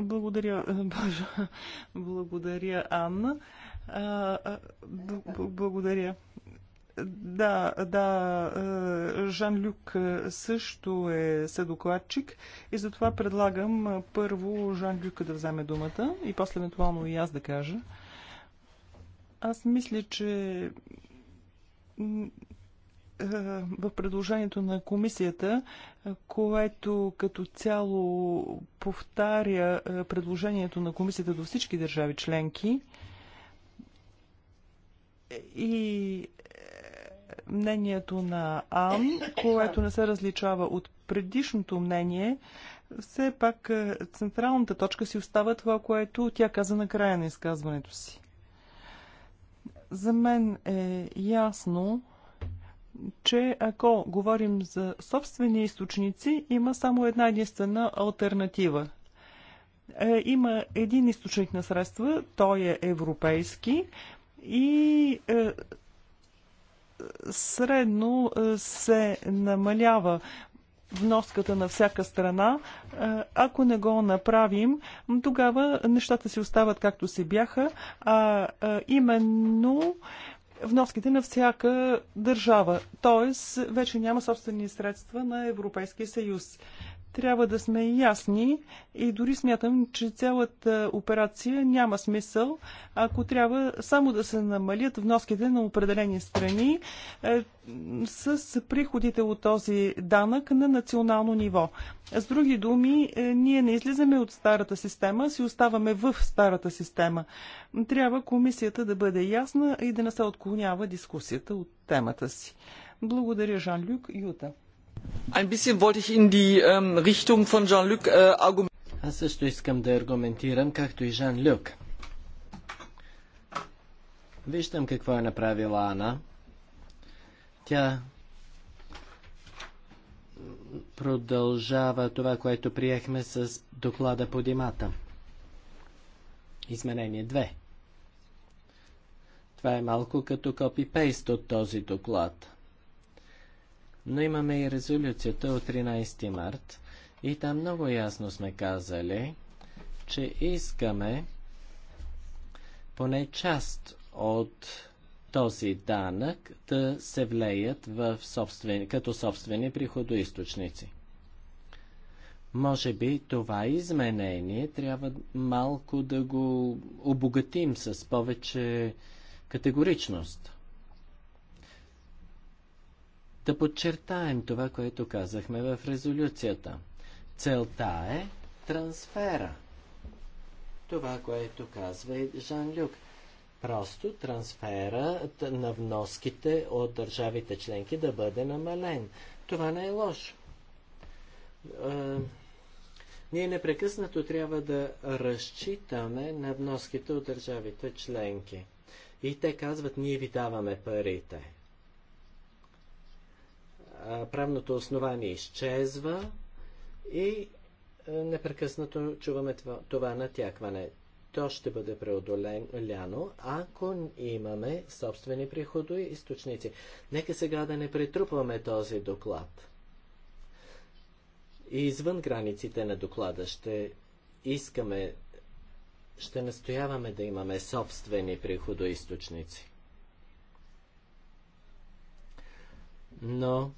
Благодаря, Боже. Благодаря, Анна. Благодаря. Да, да, е, Жан Люк е, също е съдокладчик и затова предлагам е, първо Жан Люк да вземе думата и после евентуално и аз да кажа. Аз мисля, че в предложението на комисията, което като цяло повтаря предложението на комисията до всички държави членки и мнението на АМ, което не се различава от предишното мнение, все пак е, централната точка си остава това, което тя каза на края на изказването си. За мен е ясно, че ако говорим за собствени източници, има само една единствена альтернатива. Е, има един източник на средства, той е европейски и е, средно е, се намалява вноската на всяка страна. Е, ако не го направим, тогава нещата си остават както си бяха, а е, именно вноските на всяка държава. Тоест, вече няма собствени средства на Европейския съюз. Трябва да сме ясни и дори смятам, че цялата операция няма смисъл, ако трябва само да се намалят вноските на определени страни е, с приходите от този данък на национално ниво. С други думи, е, ние не излизаме от старата система, си оставаме в старата система. Трябва комисията да бъде ясна и да не се отклонява дискусията от темата си. Благодаря, Жан-Люк Юта. Ein bisschen wollte ich in die ähm, Richtung von Jean-Luc äh, argumentieren. Аз също Виждам какво е направила Ана. Тя продължава това, което приехме с доклада по димата. Изменение 2. Това е малко като копипейст от този доклад. Но имаме и резолюцията от 13 март и там много ясно сме казали, че искаме поне част от този данък да се влеят в собствен, като собствени приходоисточници. Може би това изменение трябва малко да го обогатим с повече категоричност да подчертаем това, което казахме в резолюцията. Целта е трансфера. Това, което казва и Жан-Люк. Просто трансфера на вноските от държавите членки да бъде намален. Това не е лошо. ние непрекъснато трябва да разчитаме на вноските от държавите членки. И те казват, ние ви даваме парите правното основание изчезва и е, непрекъснато чуваме това, това натякване. То ще бъде преодоляно, ако имаме собствени приходи и източници. Нека сега да не притрупваме този доклад. И извън границите на доклада ще искаме, ще настояваме да имаме собствени приходоисточници. Но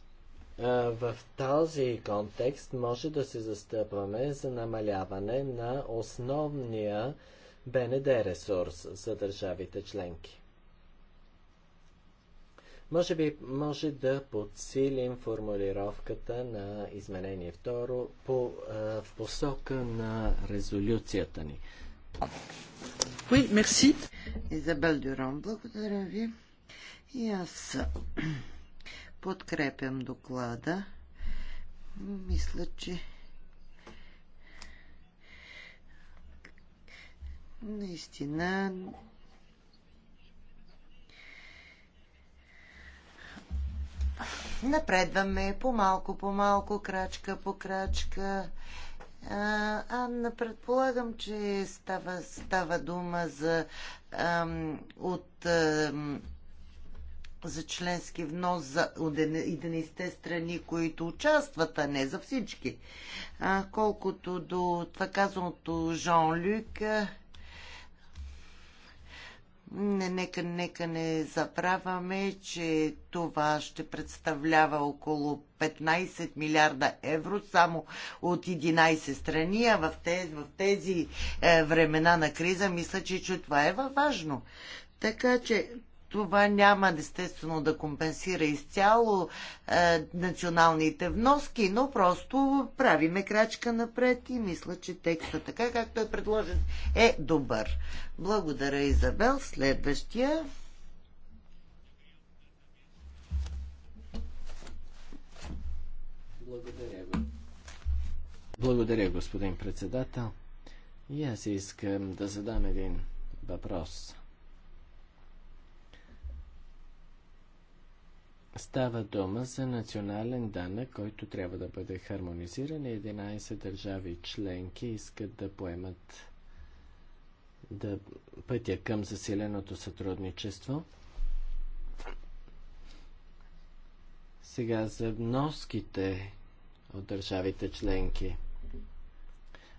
в този контекст може да се застъпваме за намаляване на основния БНД ресурс за държавите членки. Може би може да подсилим формулировката на изменение второ по, в посока на резолюцията ни. Oui, merci. Изабел Дюрон, благодаря ви. И аз Подкрепям доклада. Мисля, че наистина напредваме по-малко, по-малко, крачка по крачка. А, Анна, предполагам, че става, става дума за ам, от ам, за членски внос за 11 страни, които участват, а не за всички. А, колкото до това казаното Жан-Люк, не, нека, нека не забравяме, че това ще представлява около 15 милиарда евро само от 11 страни, а в тези, в тези е, времена на криза мисля, че, че това е важно. Така че това няма естествено да компенсира изцяло е, националните вноски, но просто правиме крачка напред и мисля, че текста така както е предложен е добър. Благодаря, Изабел. Следващия. Благодаря, Благодаря господин председател. И аз искам да задам един въпрос. Става дума за национален данък, който трябва да бъде хармонизиран. и 11 държави членки искат да поемат да пътя към засиленото сътрудничество. Сега за вноските от държавите членки.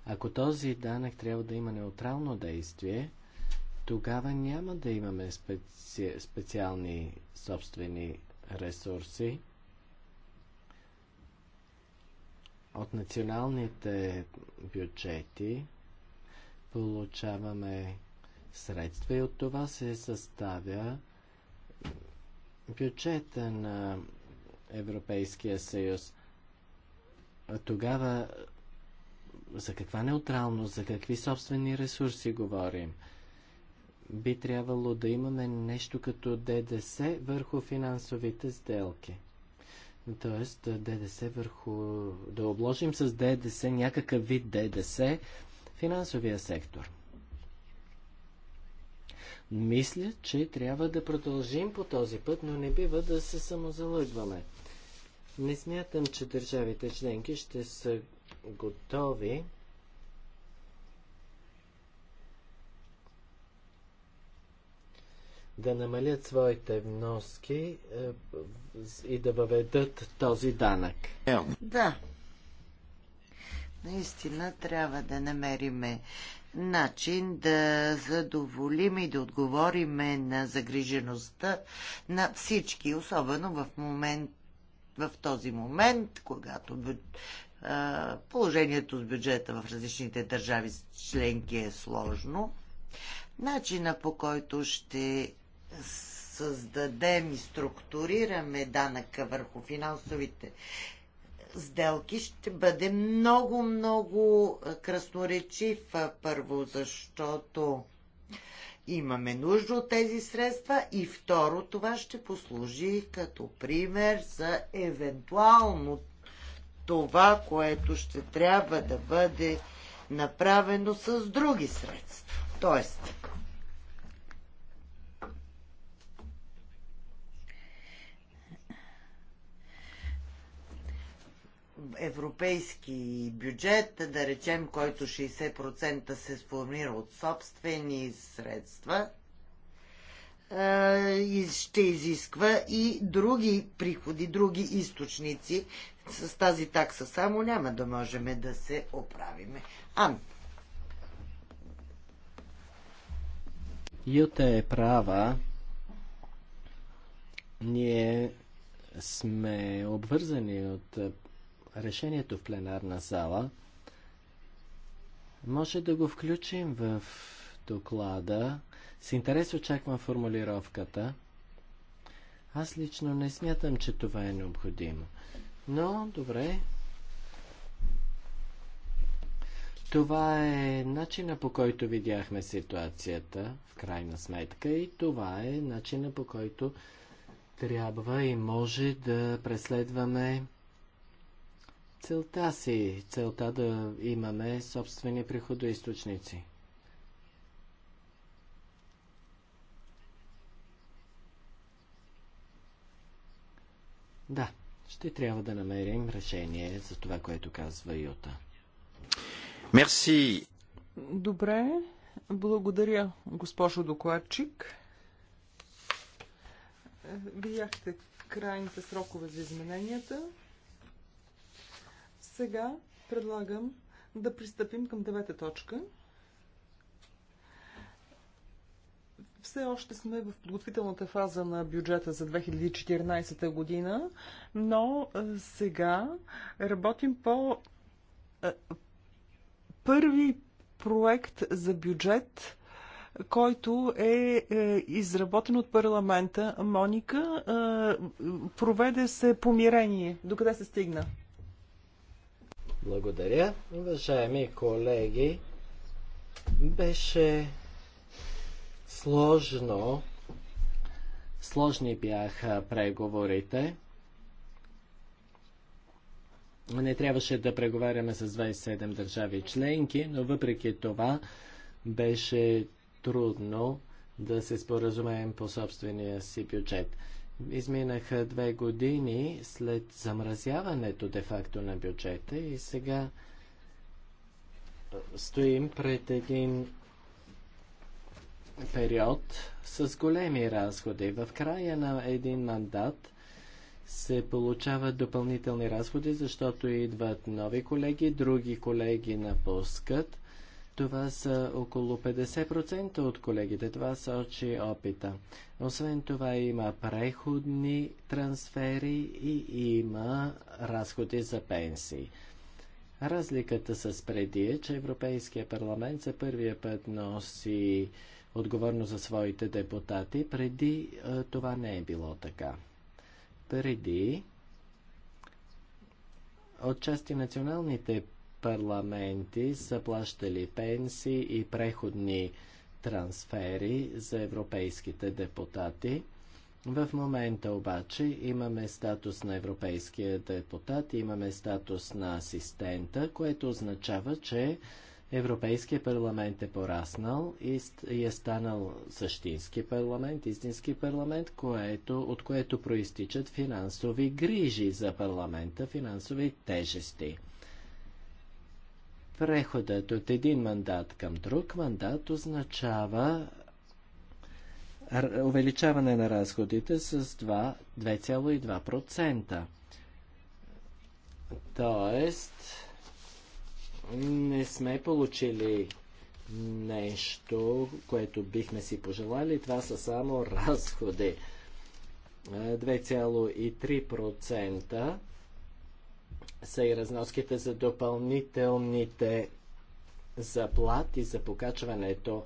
Ако този данък трябва да има неутрално действие, тогава няма да имаме специ... специални собствени ресурси от националните бюджети получаваме средства и от това се съставя бюджета на Европейския съюз. Тогава за каква неутралност, за какви собствени ресурси говорим? би трябвало да имаме нещо като ДДС върху финансовите сделки. Тоест ДДС върху... да обложим с ДДС някакъв вид ДДС финансовия сектор. Мисля, че трябва да продължим по този път, но не бива да се самозалъгваме. Не смятам, че държавите членки ще са готови да намалят своите вноски е, и да въведат този данък. Да. Наистина трябва да намериме начин да задоволим и да отговориме на загрижеността на всички, особено в момент в този момент, когато положението с бюджета в различните държави членки е сложно, начина по който ще създадем и структурираме данъка върху финансовите сделки, ще бъде много, много красноречив първо, защото имаме нужда от тези средства и второ, това ще послужи като пример за евентуално това, което ще трябва да бъде направено с други средства. Тоест, европейски бюджет, да речем, който 60% се сформира от собствени средства, ще изисква и други приходи, други източници. С тази такса само няма да можем да се оправиме. Ан. Юта е права. Ние сме обвързани от решението в пленарна зала, може да го включим в доклада. С интерес очаквам формулировката. Аз лично не смятам, че това е необходимо. Но, добре. Това е начина по който видяхме ситуацията, в крайна сметка, и това е начина по който трябва и може да преследваме целта си, целта да имаме собствени приходоисточници. Да, ще трябва да намерим решение за това, което казва Юта. Мерси. Добре, благодаря, госпожо докладчик. Видяхте крайните срокове за измененията. Сега предлагам да пристъпим към девета точка. Все още сме в подготвителната фаза на бюджета за 2014 година, но е, сега работим по е, първи проект за бюджет, който е, е изработен от парламента. Моника, проведе се помирение. До къде се стигна? Благодаря. Уважаеми колеги, беше сложно. Сложни бяха преговорите. Не трябваше да преговаряме с 27 държави членки, но въпреки това беше трудно да се споразумеем по собствения си бюджет. Изминаха две години след замразяването де-факто на бюджета и сега стоим пред един период с големи разходи. В края на един мандат се получават допълнителни разходи, защото идват нови колеги, други колеги напускат. Това са около 50% от колегите. Това са очи опита. Освен това има преходни трансфери и има разходи за пенсии. Разликата с преди е, че Европейския парламент за първия път носи отговорно за своите депутати. Преди това не е било така. Преди отчасти националните парламенти са плащали пенсии и преходни трансфери за европейските депутати. В момента обаче имаме статус на европейския депутат, имаме статус на асистента, което означава, че Европейския парламент е пораснал и е станал същински парламент, истински парламент, което, от което проистичат финансови грижи за парламента, финансови тежести. Преходът от един мандат към друг мандат означава увеличаване на разходите с 2,2%. Тоест, не сме получили нещо, което бихме си пожелали. Това са само разходи. 2,3% е, са и разноските за допълнителните заплати, за покачването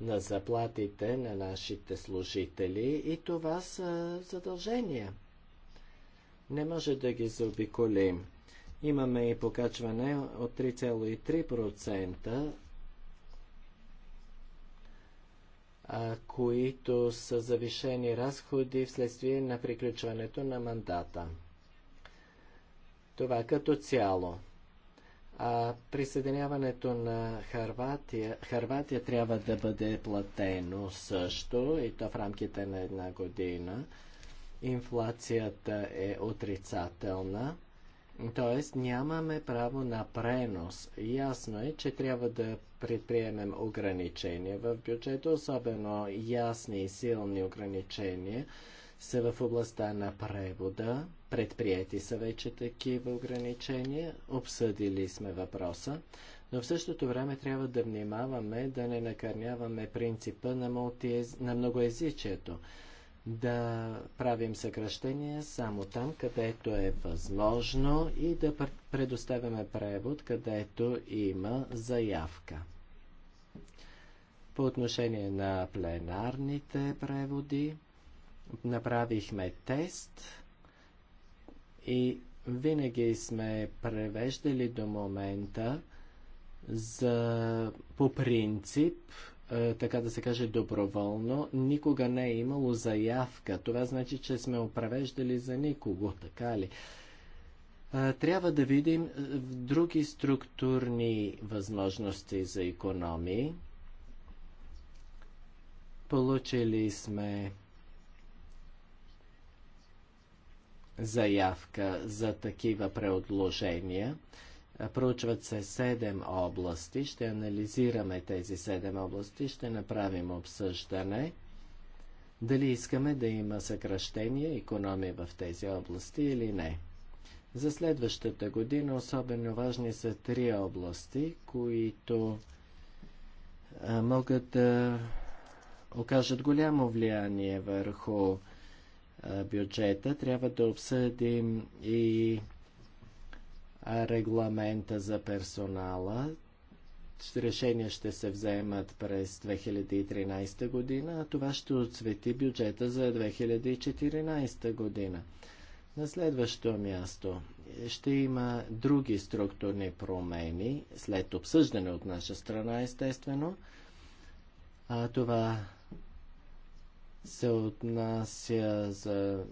на заплатите на нашите служители и това са задължения. Не може да ги заобиколим. Имаме и покачване от 3,3%, които са завишени разходи вследствие на приключването на мандата. Това като цяло. А присъединяването на Харватия, Харватия трябва да бъде платено също и то в рамките на една година. Инфлацията е отрицателна, т.е. нямаме право на пренос. Ясно е, че трябва да предприемем ограничения в бюджета, особено ясни и силни ограничения са в областта на превода. Предприяти са вече такива ограничения. Обсъдили сме въпроса. Но в същото време трябва да внимаваме да не накърняваме принципа на, мултиез... на многоязичието. Да правим съкръщения само там, където е възможно и да предоставяме превод, където има заявка. По отношение на пленарните преводи, направихме тест и винаги сме превеждали до момента за, по принцип, е, така да се каже доброволно, никога не е имало заявка. Това значи, че сме опревеждали за никого, така ли? Е, трябва да видим е, други структурни възможности за економии. Получили сме заявка за такива преотложения. Проучват се седем области, ще анализираме тези седем области, ще направим обсъждане дали искаме да има съкръщение, економия в тези области или не. За следващата година особено важни са три области, които могат да окажат голямо влияние върху бюджета, трябва да обсъдим и регламента за персонала. Решения ще се вземат през 2013 година, а това ще отсвети бюджета за 2014 година. На следващо място ще има други структурни промени, след обсъждане от наша страна, естествено. А това се отнася за...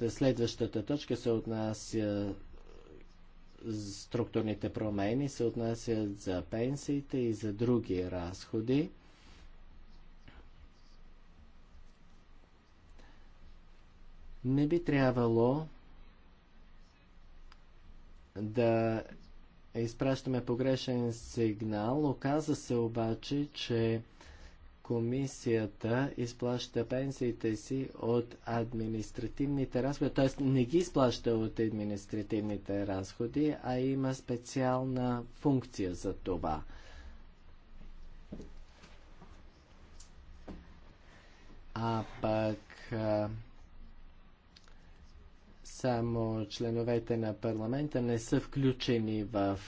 Е, следващата точка се отнася структурните промени, се отнасят за пенсиите и за други разходи. Не би трябвало да изпращаме погрешен сигнал. Оказа се обаче, че комисията изплаща пенсиите си от административните разходи, т.е. не ги изплаща от административните разходи, а има специална функция за това. А пък само членовете на парламента не са включени в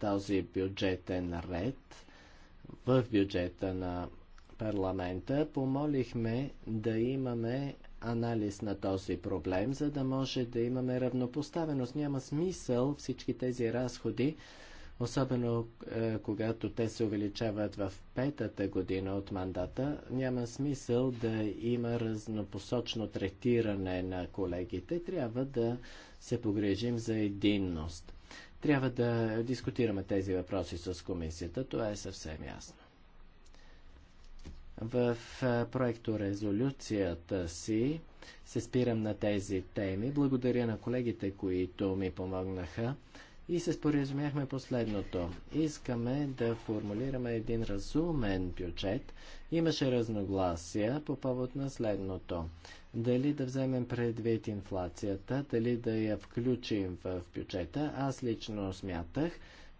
този бюджетен ред, в бюджета на парламента помолихме да имаме анализ на този проблем, за да може да имаме равнопоставеност. Няма смисъл всички тези разходи, особено е, когато те се увеличават в петата година от мандата, няма смисъл да има разнопосочно третиране на колегите. Трябва да се погрежим за единност. Трябва да дискутираме тези въпроси с комисията, това е съвсем ясно. В проекто резолюцията си се спирам на тези теми. Благодаря на колегите, които ми помогнаха и се споразумяхме последното. Искаме да формулираме един разумен бюджет. Имаше разногласия по повод на следното. Дали да вземем предвид инфлацията, дали да я включим в бюджета, аз лично смятах,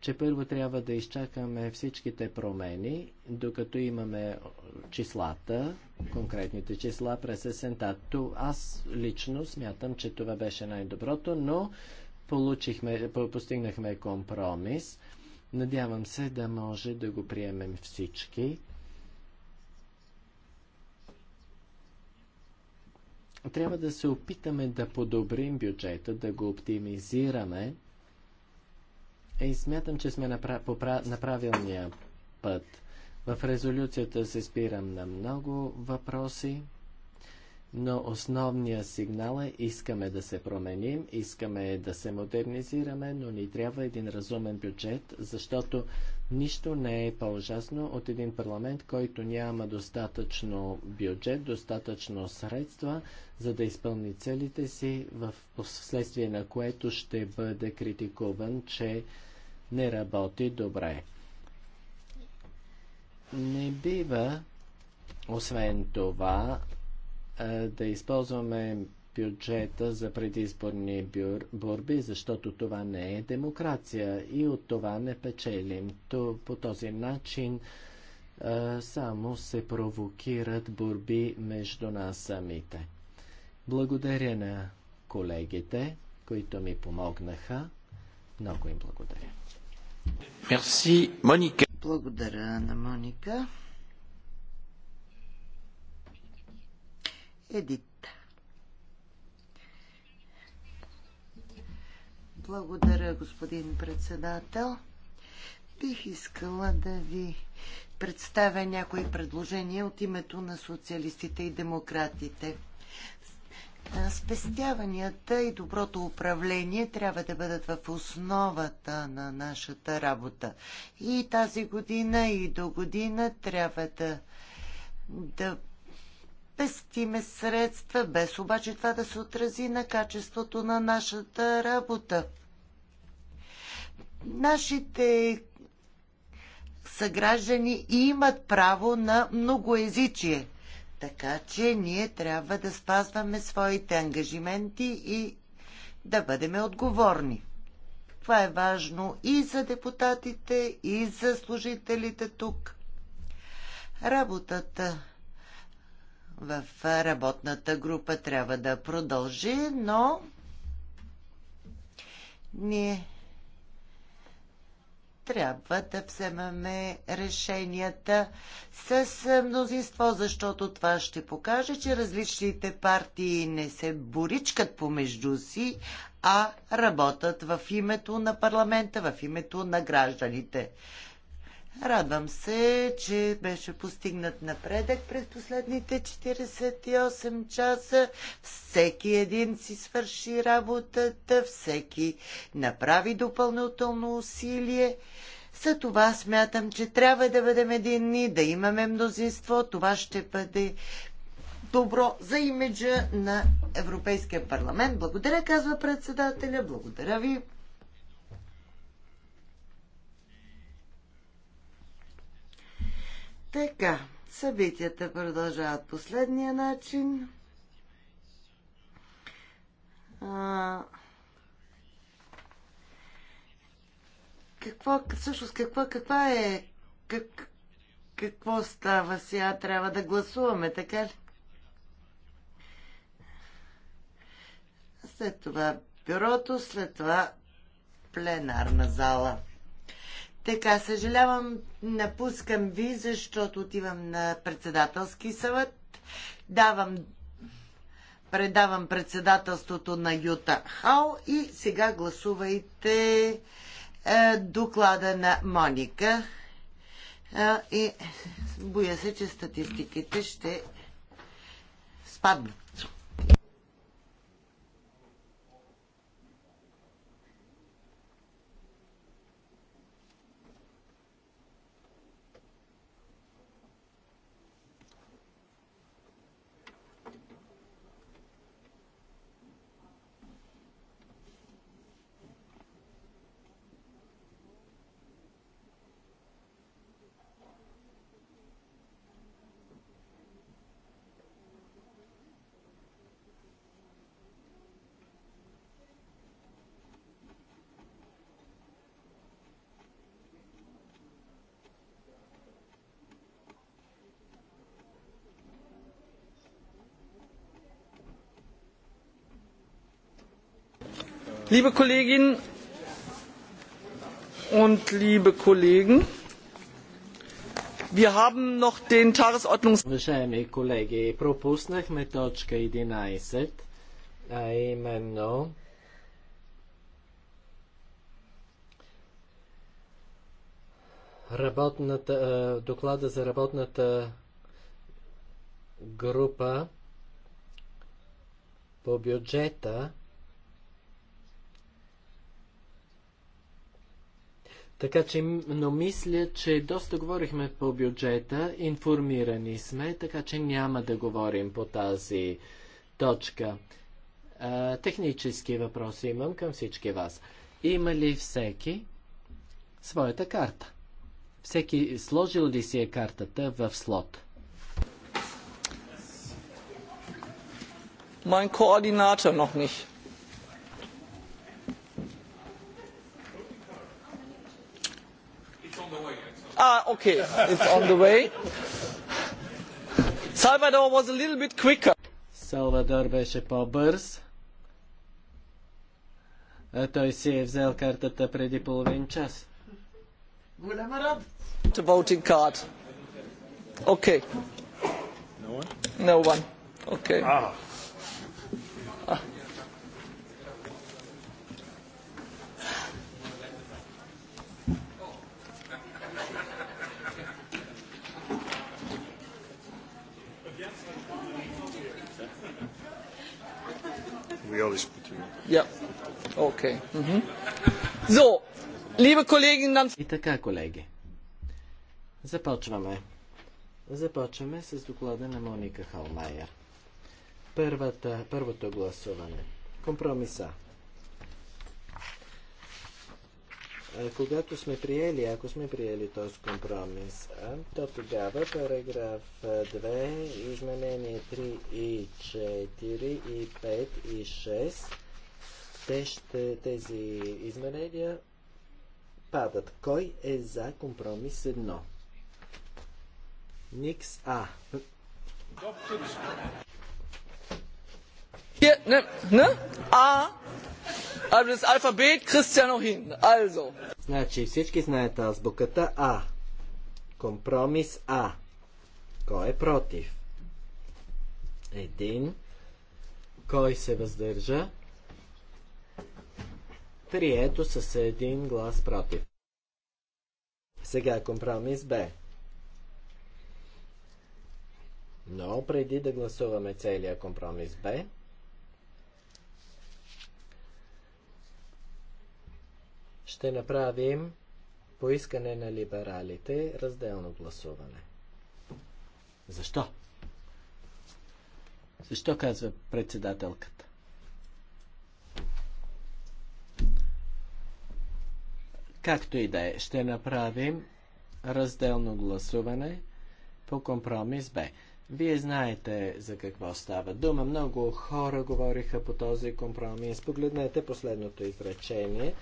че първо трябва да изчакаме всичките промени, докато имаме числата, конкретните числа през есента. Аз лично смятам, че това беше най-доброто, но получихме, постигнахме компромис. Надявам се да може да го приемем всички. Трябва да се опитаме да подобрим бюджета, да го оптимизираме и смятам, че сме на, на правилния път. В резолюцията се спирам на много въпроси, но основният сигнал е искаме да се променим, искаме да се модернизираме, но ни трябва един разумен бюджет, защото Нищо не е по-ужасно от един парламент, който няма достатъчно бюджет, достатъчно средства, за да изпълни целите си, в последствие на което ще бъде критикуван, че не работи добре. Не бива, освен това, е, да използваме бюджета за предизборни бюр, борби, защото това не е демокрация и от това не печелим. То, по този начин а, само се провокират борби между нас самите. Благодаря на колегите, които ми помогнаха. Много им благодаря. Мерси, Моника. Благодаря на Моника. Едит. Благодаря, господин председател. Бих искала да ви представя някои предложения от името на социалистите и демократите. Спестяванията и доброто управление трябва да бъдат в основата на нашата работа. И тази година, и до година трябва да, да пестиме средства, без обаче това да се отрази на качеството на нашата работа. Нашите съграждани имат право на многоезичие. Така че ние трябва да спазваме своите ангажименти и да бъдем отговорни. Това е важно и за депутатите, и за служителите тук. Работата в работната група трябва да продължи, но ние трябва да вземаме решенията с мнозинство, защото това ще покаже, че различните партии не се боричкат помежду си, а работят в името на парламента, в името на гражданите. Радвам се, че беше постигнат напредък през последните 48 часа. Всеки един си свърши работата, всеки направи допълнително усилие. За това смятам, че трябва да бъдем единни, да имаме мнозинство. Това ще бъде добро за имиджа на Европейския парламент. Благодаря, казва председателя. Благодаря ви. Така, събитията продължават последния начин. А, какво, всъщност, какво, каква е, как, какво става сега? Трябва да гласуваме, така ли? След това бюрото, след това пленарна зала. Така, съжалявам, напускам ви, защото отивам на председателски съвет. Давам, предавам председателството на Юта Хал и сега гласувайте е, доклада на Моника. Е, и боя се, че статистиките ще спаднат. Liebe Kolleginnen und liebe Kollegen, wir haben noch den Tagesordnungspunkt. работната, доклада за работната група по бюджета Така че, но мисля, че доста говорихме по бюджета, информирани сме, така че няма да говорим по тази точка. А, технически въпроси имам към всички вас. Има ли всеки своята карта? Всеки сложил ли си е картата в слот? Mein Koordinator noch nicht. Ah, okay, it's on the way. Salvador was a little bit quicker. Salvador беше по-бърз. А той си е взел картата преди половин час. Голяма радост. To voting card. Okay. No one? No one. Okay. Ah. We always put you. Yeah. Okay. Mm-hmm. So, liebe Kolleginnen und И така, колеги. Започваме. Започваме с доклада на Моника Халмайер. Първата, първото гласуване. Компромиса. Когато сме приели, ако сме приели този компромис, то тогава параграф 2, изменение 3 и 4 и 5 и 6, те ще, тези изменения падат. Кой е за компромис 1? Никс А. Не, не, а, Aber das Alphabet kriegst ja Also. Значи всички знаят азбуката А. Компромис А. Кой е против? Един. Кой се въздържа? Прието с един глас против. Сега е компромис Б. Но преди да гласуваме целия компромис Б, ще направим поискане на либералите разделно гласуване. Защо? Защо казва председателката? Както и да е, ще направим разделно гласуване по компромис Б. Вие знаете за какво става дума. Много хора говориха по този компромис. Погледнете последното изречение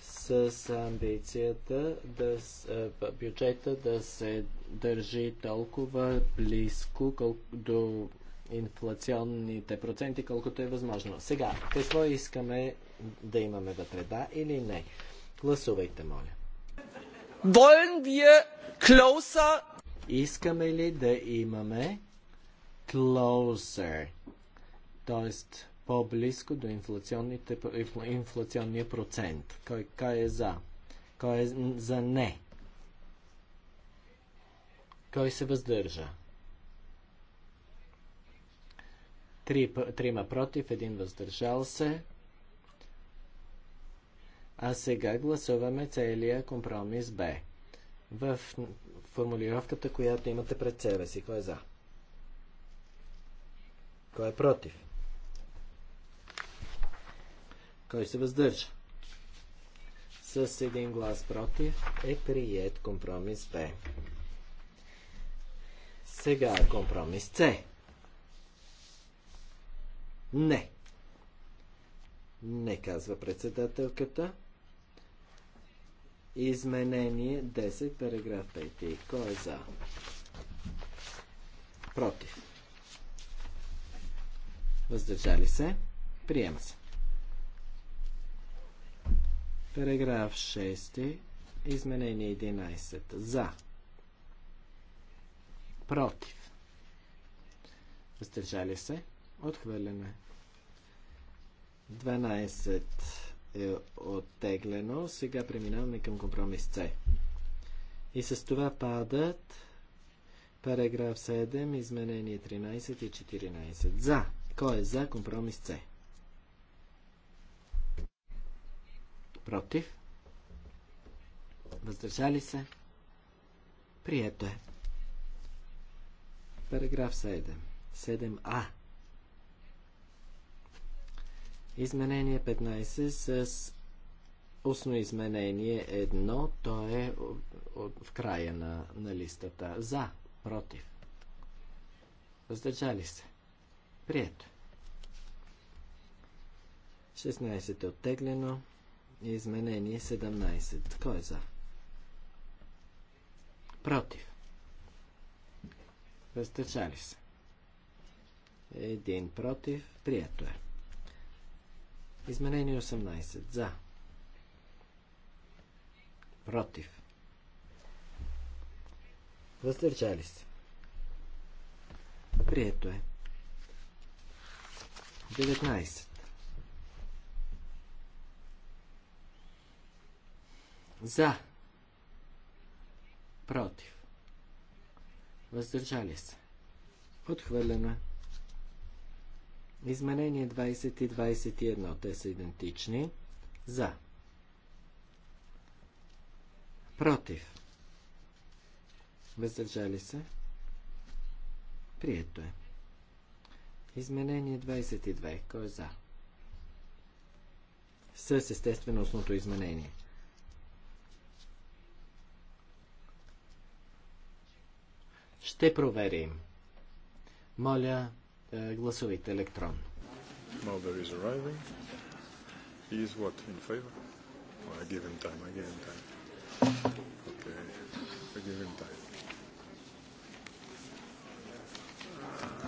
с амбицията да е, бюджета да се държи толкова близко до инфлационните проценти, колкото е възможно. Сега, какво искаме да имаме вътре, да или не? Гласувайте, моля. Wollen wir клоуса? Искаме ли да имаме closer? Тоест, по-близко до инфлационния процент. Кой, кой е за? Кой е за не? Кой се въздържа? Три, трима против, един въздържал се. А сега гласуваме целия компромис Б. В формулировката, която имате пред себе си. Кой е за? Кой е против? Кой се въздържа? С един глас против е прият компромис Б. Сега компромис С. Не. Не, казва председателката. Изменение 10, параграф 5. Кой е за? Против. Въздържали се? Приема се. Параграф 6. Изменение 11. За. Против. Въздържали се. Отхвърляме. 12 е оттеглено. Сега преминаваме към компромис С. И с това падат параграф 7, изменение 13 и 14. За. Кой е за компромис С? Против. Въздържали се. Прието е. Параграф 7. 7а. Изменение 15 с устно изменение 1. То е в края на, на листата. За. Против. Въздържали се. Прието. 16 е оттеглено. Изменение 17. Кой е за? Против. Въздържали се. Един против. Прието е. Изменение 18. За. Против. Въздържали се. Прието е. 19. За. Против. Въздържали се. Отхвърлена. Изменение 20 и 21. Те са идентични. За. Против. Въздържали се. Прието е. Изменение 22. Кой е за? С естествено основното изменение. Ще проверим. Моля, гласувайте електронно. Mulder is arriving. He is what? In favor? Well, I give him time. I give him time. Okay. I give him time.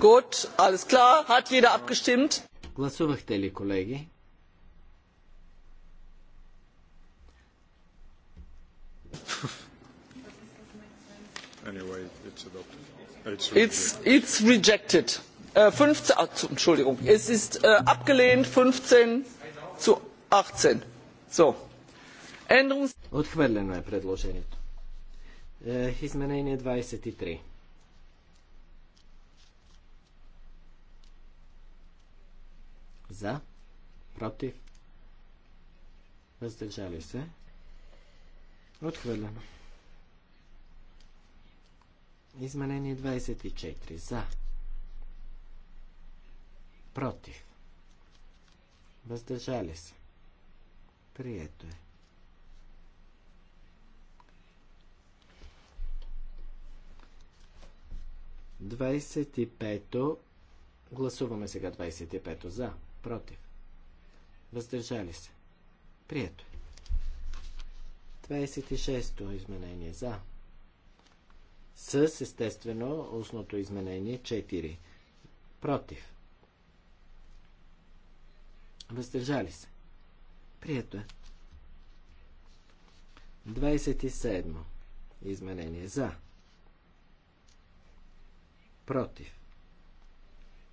Gut, alles klar. Hat jeder abgestimmt? Гласувахте ли, колеги? anyway, It's rejected. Äh, ah, Entschuldigung, es ist äh, abgelehnt, 15 zu 18. So. Отхвърлено е предложението. Äh, изменение 23. За. Против. Въздържали се. Отхвърлено. Изменение 24. За. Против. Въздържали се. Прието е. Двадесет и пето. Гласуваме сега 25-то. За. Против. Въздържали се. Прието е. 26-то изменение. За с естествено устното изменение 4. Против. Въздържали се. Прието е. 27. Изменение за. Против.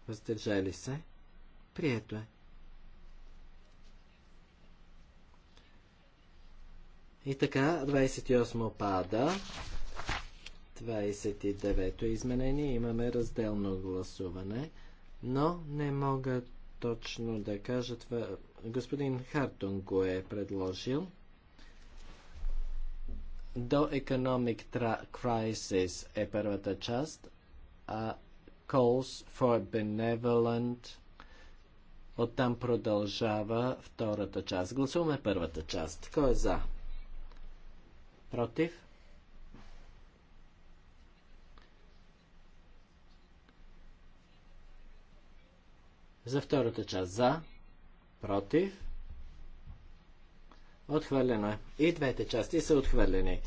Въздържали се. Прието е. И така, 28 пада. 29-то изменение имаме разделно гласуване, но не мога точно да кажа това. Господин Хартон го е предложил. До Economic Crisis е първата част, а Calls for Benevolent оттам продължава втората част. Гласуваме първата част. Кой е за? Против? За втората част за, против, отхвърлено е. И двете части са отхвърлени.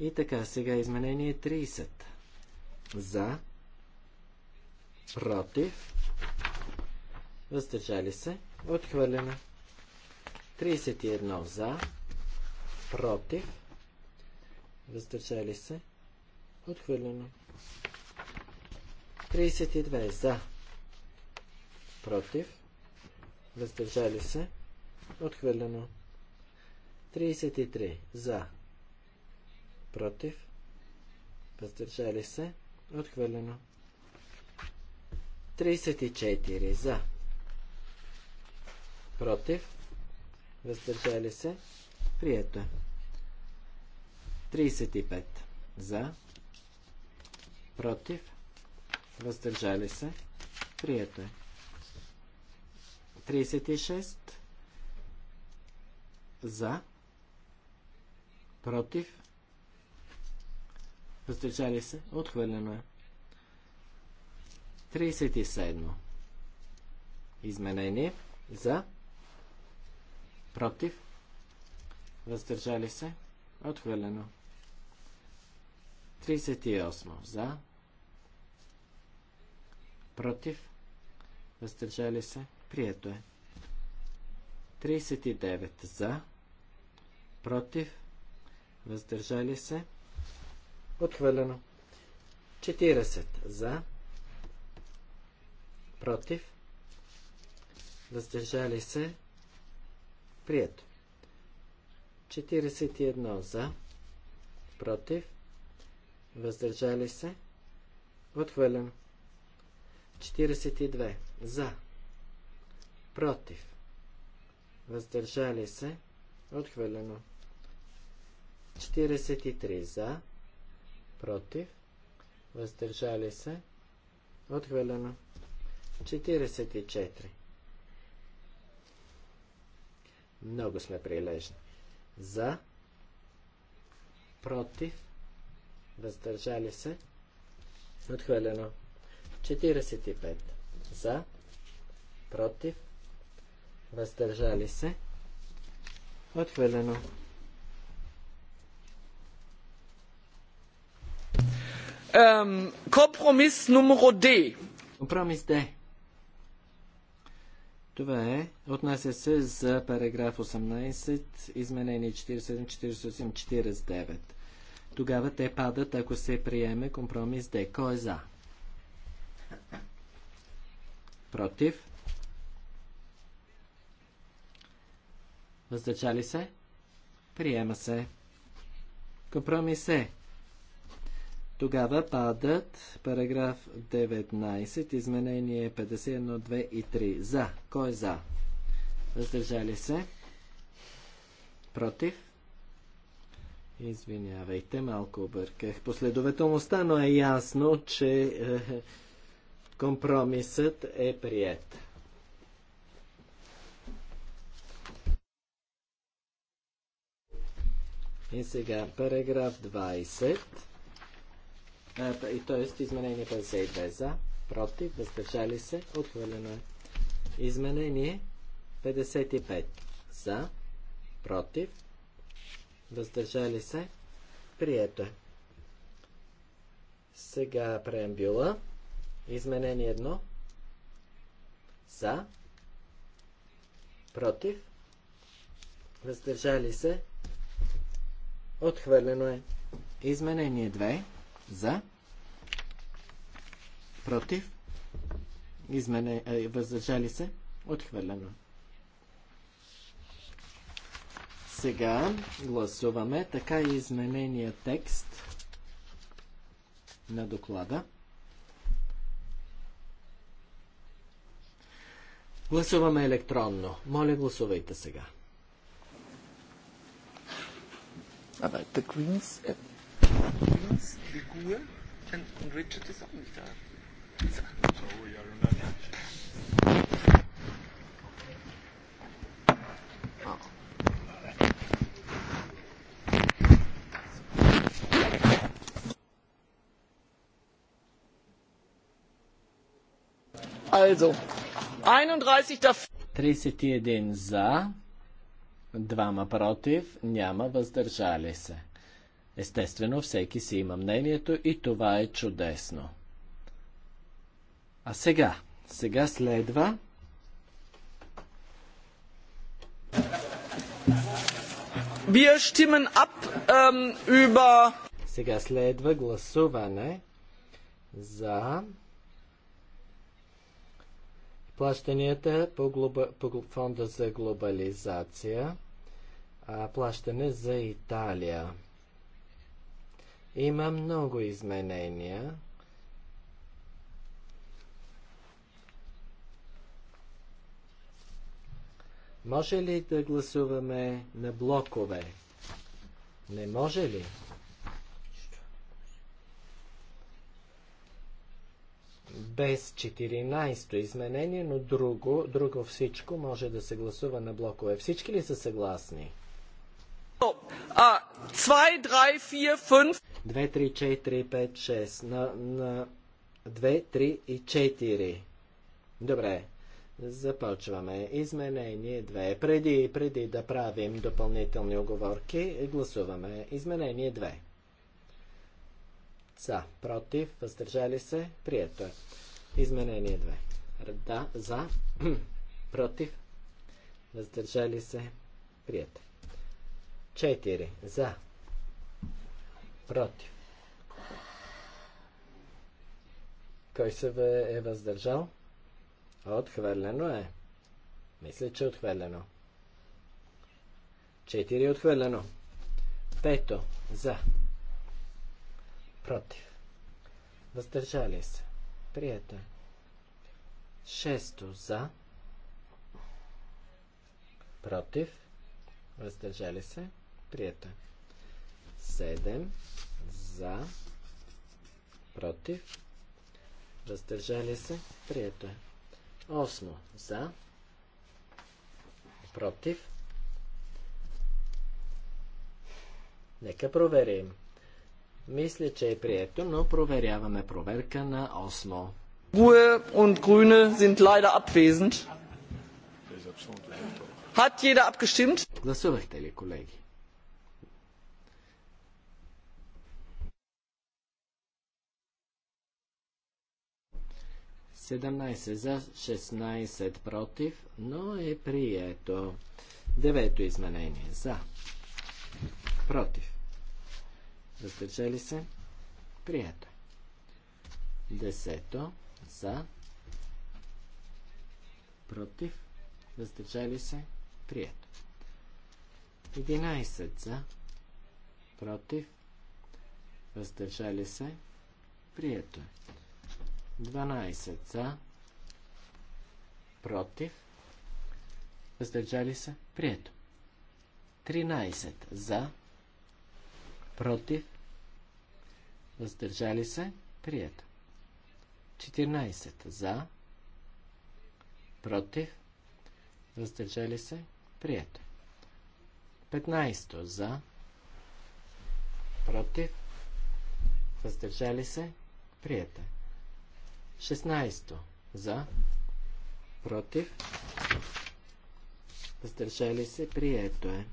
И така, сега изменение 30. За, против, въздържали се, отхвърлено. 31 за, против, въздържали се, отхвърлено. 32 за, против, въздържали се, отхвърлено. 33 за, против, въздържали се, отхвърлено. 34 за, против, въздържали се, прието. 35 за, против, въздържали се, прието е. 36 за, против, въздържали се, отхвърлено е. 37 изменение за, против, въздържали се, отхвърлено. 38 за, против, въздържали се, Прието е. 39 за, против, въздържали се, отхвърлено. 40 за, против, въздържали се, прието. 41 за, против, въздържали се, отхвърлено. 42 за, против, въздържали се, отхвърлено. 43 за, против, въздържали се, отхвърлено. 44. Много сме прилежни. За, против, въздържали се, отхвърлено. 45. За, против, въздържали се, отхвърлено. Компромис номеро Д. Компромис Д. Това е, отнася се за параграф 18, изменение 47, 48, 49. Тогава те падат, ако се приеме компромис Д. Кой е за? Против? Въздържали се? Приема се. Компромис е. Тогава падат параграф 19, изменение 51, 2 и 3. За. Кой е за? Въздържали се? Против? Извинявайте, малко обърках последователността, но е ясно, че е, е компромисът е прият. И сега, параграф 20, И т.е. изменение 52 за, против, въздържали се, отхвърлено е. Изменение 55 за, против, въздържали се, прието е. Сега преамбюла. Изменение 1. За. Против. Въздържали се. Отхвърлено е. Изменение 2. За. Против. Измене, е, въздържали се. Отхвърлено. Сега гласуваме така и изменения текст на доклада. Гласуваме електронно. Моля, гласувайте сега. Aber the Greens, äh, Greens, die GUE und Richard ist auch nicht da. Also, 31 dafür. 31 за, Двама против, няма въздържали се. Естествено, всеки си има мнението и това е чудесно. А сега, сега следва Wir stimmen ab ähm, über. Сега следва гласуване за Плащанията по, глоба, по фонда за глобализация, а плащане за Италия. Има много изменения. Може ли да гласуваме на блокове? Не може ли? без 14-то изменение, но друго, друго всичко може да се гласува на блокове. Всички ли са съгласни? 2, 3, 4, 5. 6. На, на 2, 3 и 4. Добре. Започваме. Изменение 2. Преди, преди да правим допълнителни оговорки, гласуваме. Изменение 2. За. Против. Въздържали се. Прието е. Изменение 2. Да. За. против. Въздържали се. Прието. 4. За. Против. Кой се е въздържал? Отхвърлено е. Мисля, че е отхвърлено. 4 е отхвърлено. Пето. За. Против. Въздържали се. Прието е. Шесто за. Против. Въздържали се. Прието е. Седем за. Против. Въздържали се. Прието е. Осмо за. Против. Нека проверим. Мисля, че е прието, но проверяваме проверка на 8. Ruhe und Grüne sind leider abwesend. Hat jeder abgestimmt? Гласувахте ли, колеги? Седемнайсет за, 16 против, но е прието. Девето изменение за, против, въздържали се, прието. Десето за, против, въздържали се, прието. 11 за, против, въздържали се, прието. 12 за, против, въздържали се, прието. 13 за, против, против, въздържали се, прието. 14 за, против, въздържали се, прието. 15 за, против, въздържали се, прието. 16 за, против, въздържали се, прието е.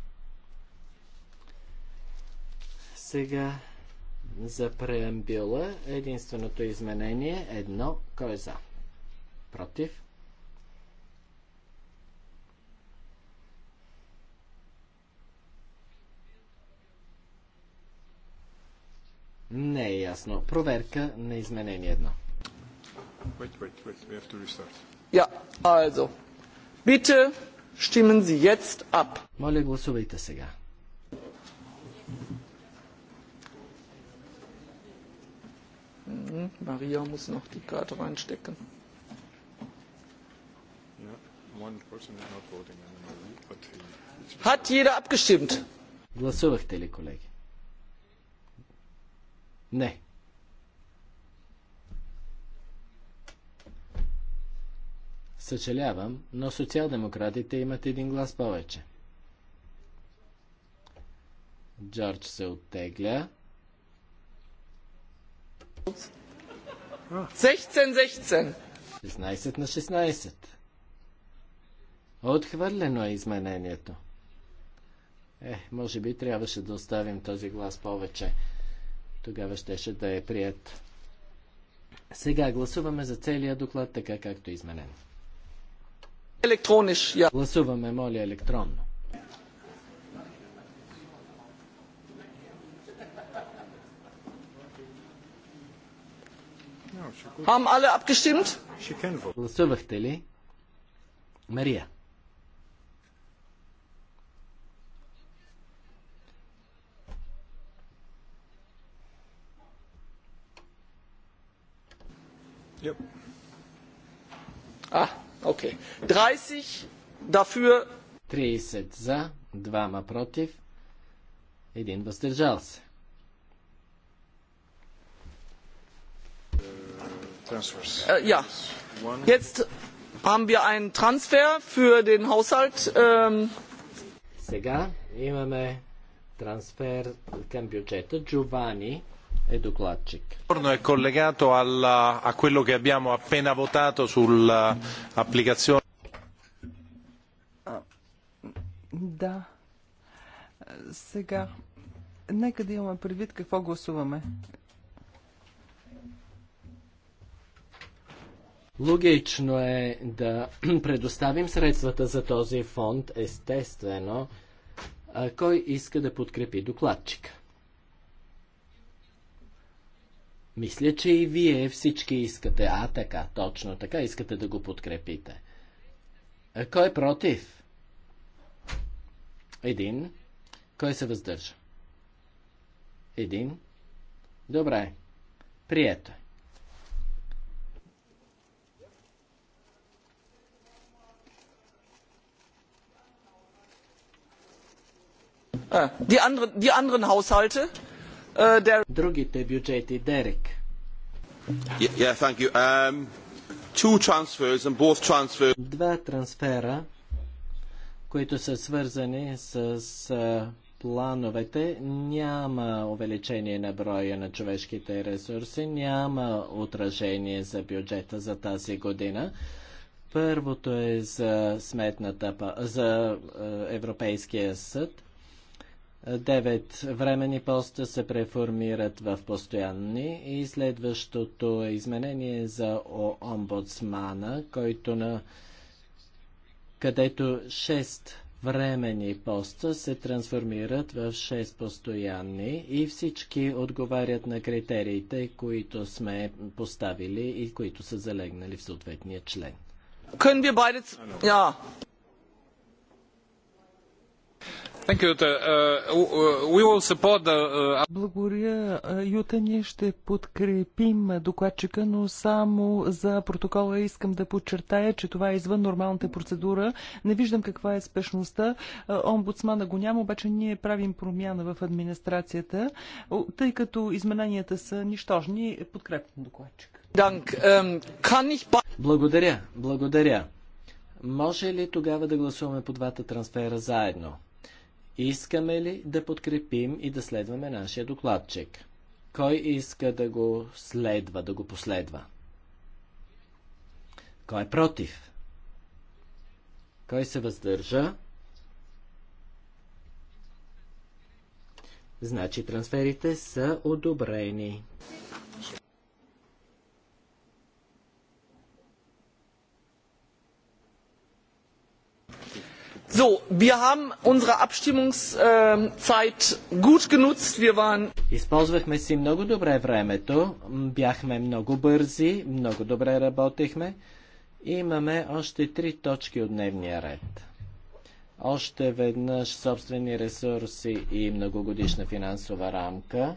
Сега за преамбюла единственото изменение е едно. Кой е за? Против? Не е ясно. Проверка на изменение едно. Wait, wait, wait. We have to restart. Ja, also. Bitte stimmen Sie jetzt ab. Моля, гласувайте сега. Moment, Maria muss noch die Karte reinstecken. Hat jeder abgestimmt? Гласувахте колеги? Не. Съжалявам, но социал-демократите имат един глас повече. Джордж се оттегля. 16 на 16. Отхвърлено е изменението. Е, може би трябваше да оставим този глас повече. Тогава щеше да е прият. Сега гласуваме за целия доклад така както е изменен. Електрониш, я. Гласуваме, моля, електронно. Haben alle abgestimmt? Гласувахте ли? Мария. Yep. Ah, okay. 30 dafür. 30 за, 2 против, 1 въздържал се. Jetzt haben wir einen Transfer für den Haushalt. Сега имаме трансфер към бюджета. Джовани е докладчик. È collegato alla, a quello che abbiamo appena votato sull'applicazione. Да. Сега, нека да имаме предвид какво гласуваме. Логично е да предоставим средствата за този фонд, естествено. Кой иска да подкрепи докладчика? Мисля, че и вие всички искате. А, така, точно така, искате да го подкрепите. А кой е против? Един. Кой се въздържа? Един. Добре. Прието е. Äh, Другите бюджети, Дерек. Um, Два трансфера, които са свързани с плановете няма увеличение на броя на човешките ресурси, няма отражение за бюджета за тази година. Първото е за сметната, за Европейския съд. Девет времени поста се преформират в постоянни и следващото е изменение за омбудсмана, който на където 6 времени поста се трансформират в 6 постоянни и всички отговарят на критериите, които сме поставили и които са залегнали в съответния член. Können wir beide... Ja. Благодаря, Юта. Ние ще подкрепим докладчика, но само за протокола искам да подчертая, че това е извън нормалната процедура. Не виждам каква е спешността. Uh, омбудсмана го няма, обаче ние правим промяна в администрацията, тъй като измененията са нищожни. Подкрепям докладчика. Благодаря, благодаря. Може ли тогава да гласуваме по двата трансфера заедно? Искаме ли да подкрепим и да следваме нашия докладчик? Кой иска да го следва, да го последва? Кой е против? Кой се въздържа? Значи трансферите са одобрени. wir haben unsere Abstimmungszeit äh, gut genutzt. Wir waren Използвахме си много добре времето, бяхме много бързи, много добре работихме. Имаме още три точки от дневния ред. Още веднъж собствени ресурси и многогодишна финансова рамка.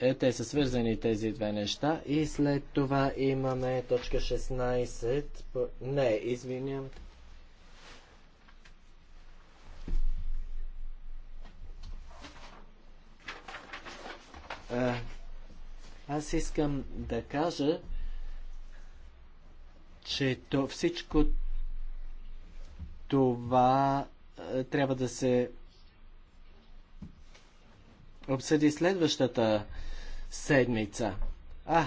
Е, те са свързани тези две неща. И след това имаме точка 16. Не, извинявам. Аз искам да кажа, че то, всичко това трябва да се обсъди следващата седмица. А,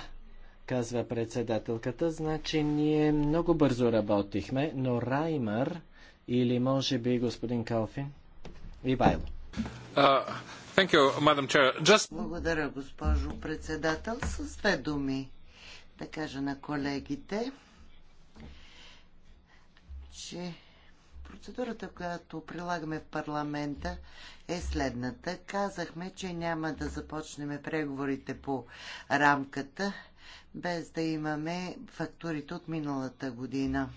казва председателката, значи ние много бързо работихме, но Раймър или може би господин Калфин и Вайло. You, Just... Благодаря, госпожо председател. С две думи да кажа на колегите, че процедурата, която прилагаме в парламента е следната. Казахме, че няма да започнем преговорите по рамката, без да имаме фактурите от миналата година.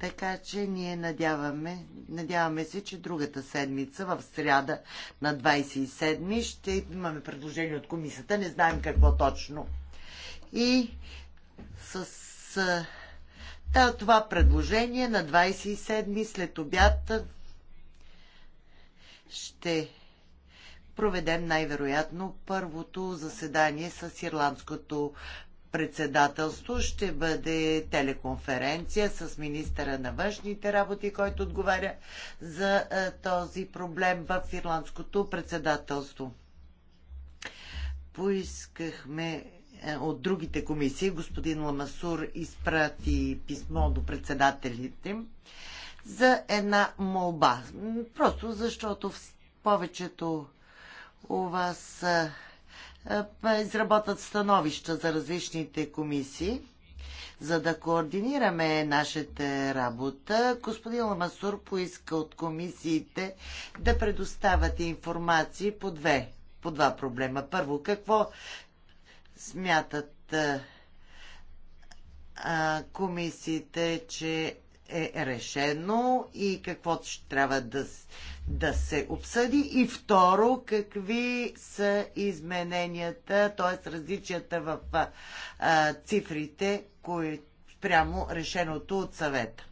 Така че ние надяваме, надяваме се, че другата седмица, в сряда на 27 ще имаме предложение от комисията, не знаем какво точно. И с да, това предложение на 27 след обяд ще проведем най-вероятно първото заседание с Ирландското председателство ще бъде телеконференция с министъра на външните работи, който отговаря за е, този проблем в ирландското председателство. Поискахме е, от другите комисии, господин Ламасур изпрати писмо до председателите за една молба. Просто защото повечето у вас е, е, изработят становища за различните комисии, за да координираме нашата работа. Господин Ламасур поиска от комисиите да предоставят информации по, две, по два проблема. Първо, какво смятат е, а, комисиите, че е решено и какво ще трябва да, да се обсъди и второ, какви са измененията, т.е. различията в а, цифрите, които прямо решеното от съвета.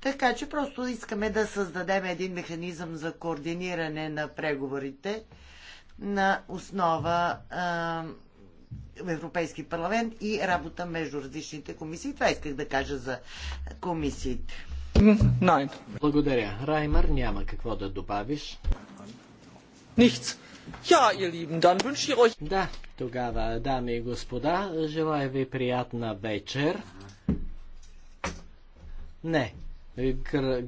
Така че просто искаме да създадем един механизъм за координиране на преговорите на основа а, Европейски парламент и работа между различните комисии. Това исках да кажа за комисиите. Nein. Благодаря. Раймар, няма какво да добавиш. Nichts. Ja, ihr Lieben, dann wünsche ich euch... Да, тогава, дами и господа, желая ви приятна вечер. Не,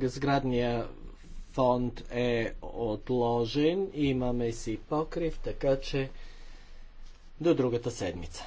сградния фонд е отложен, имаме си покрив, така че до другата седмица.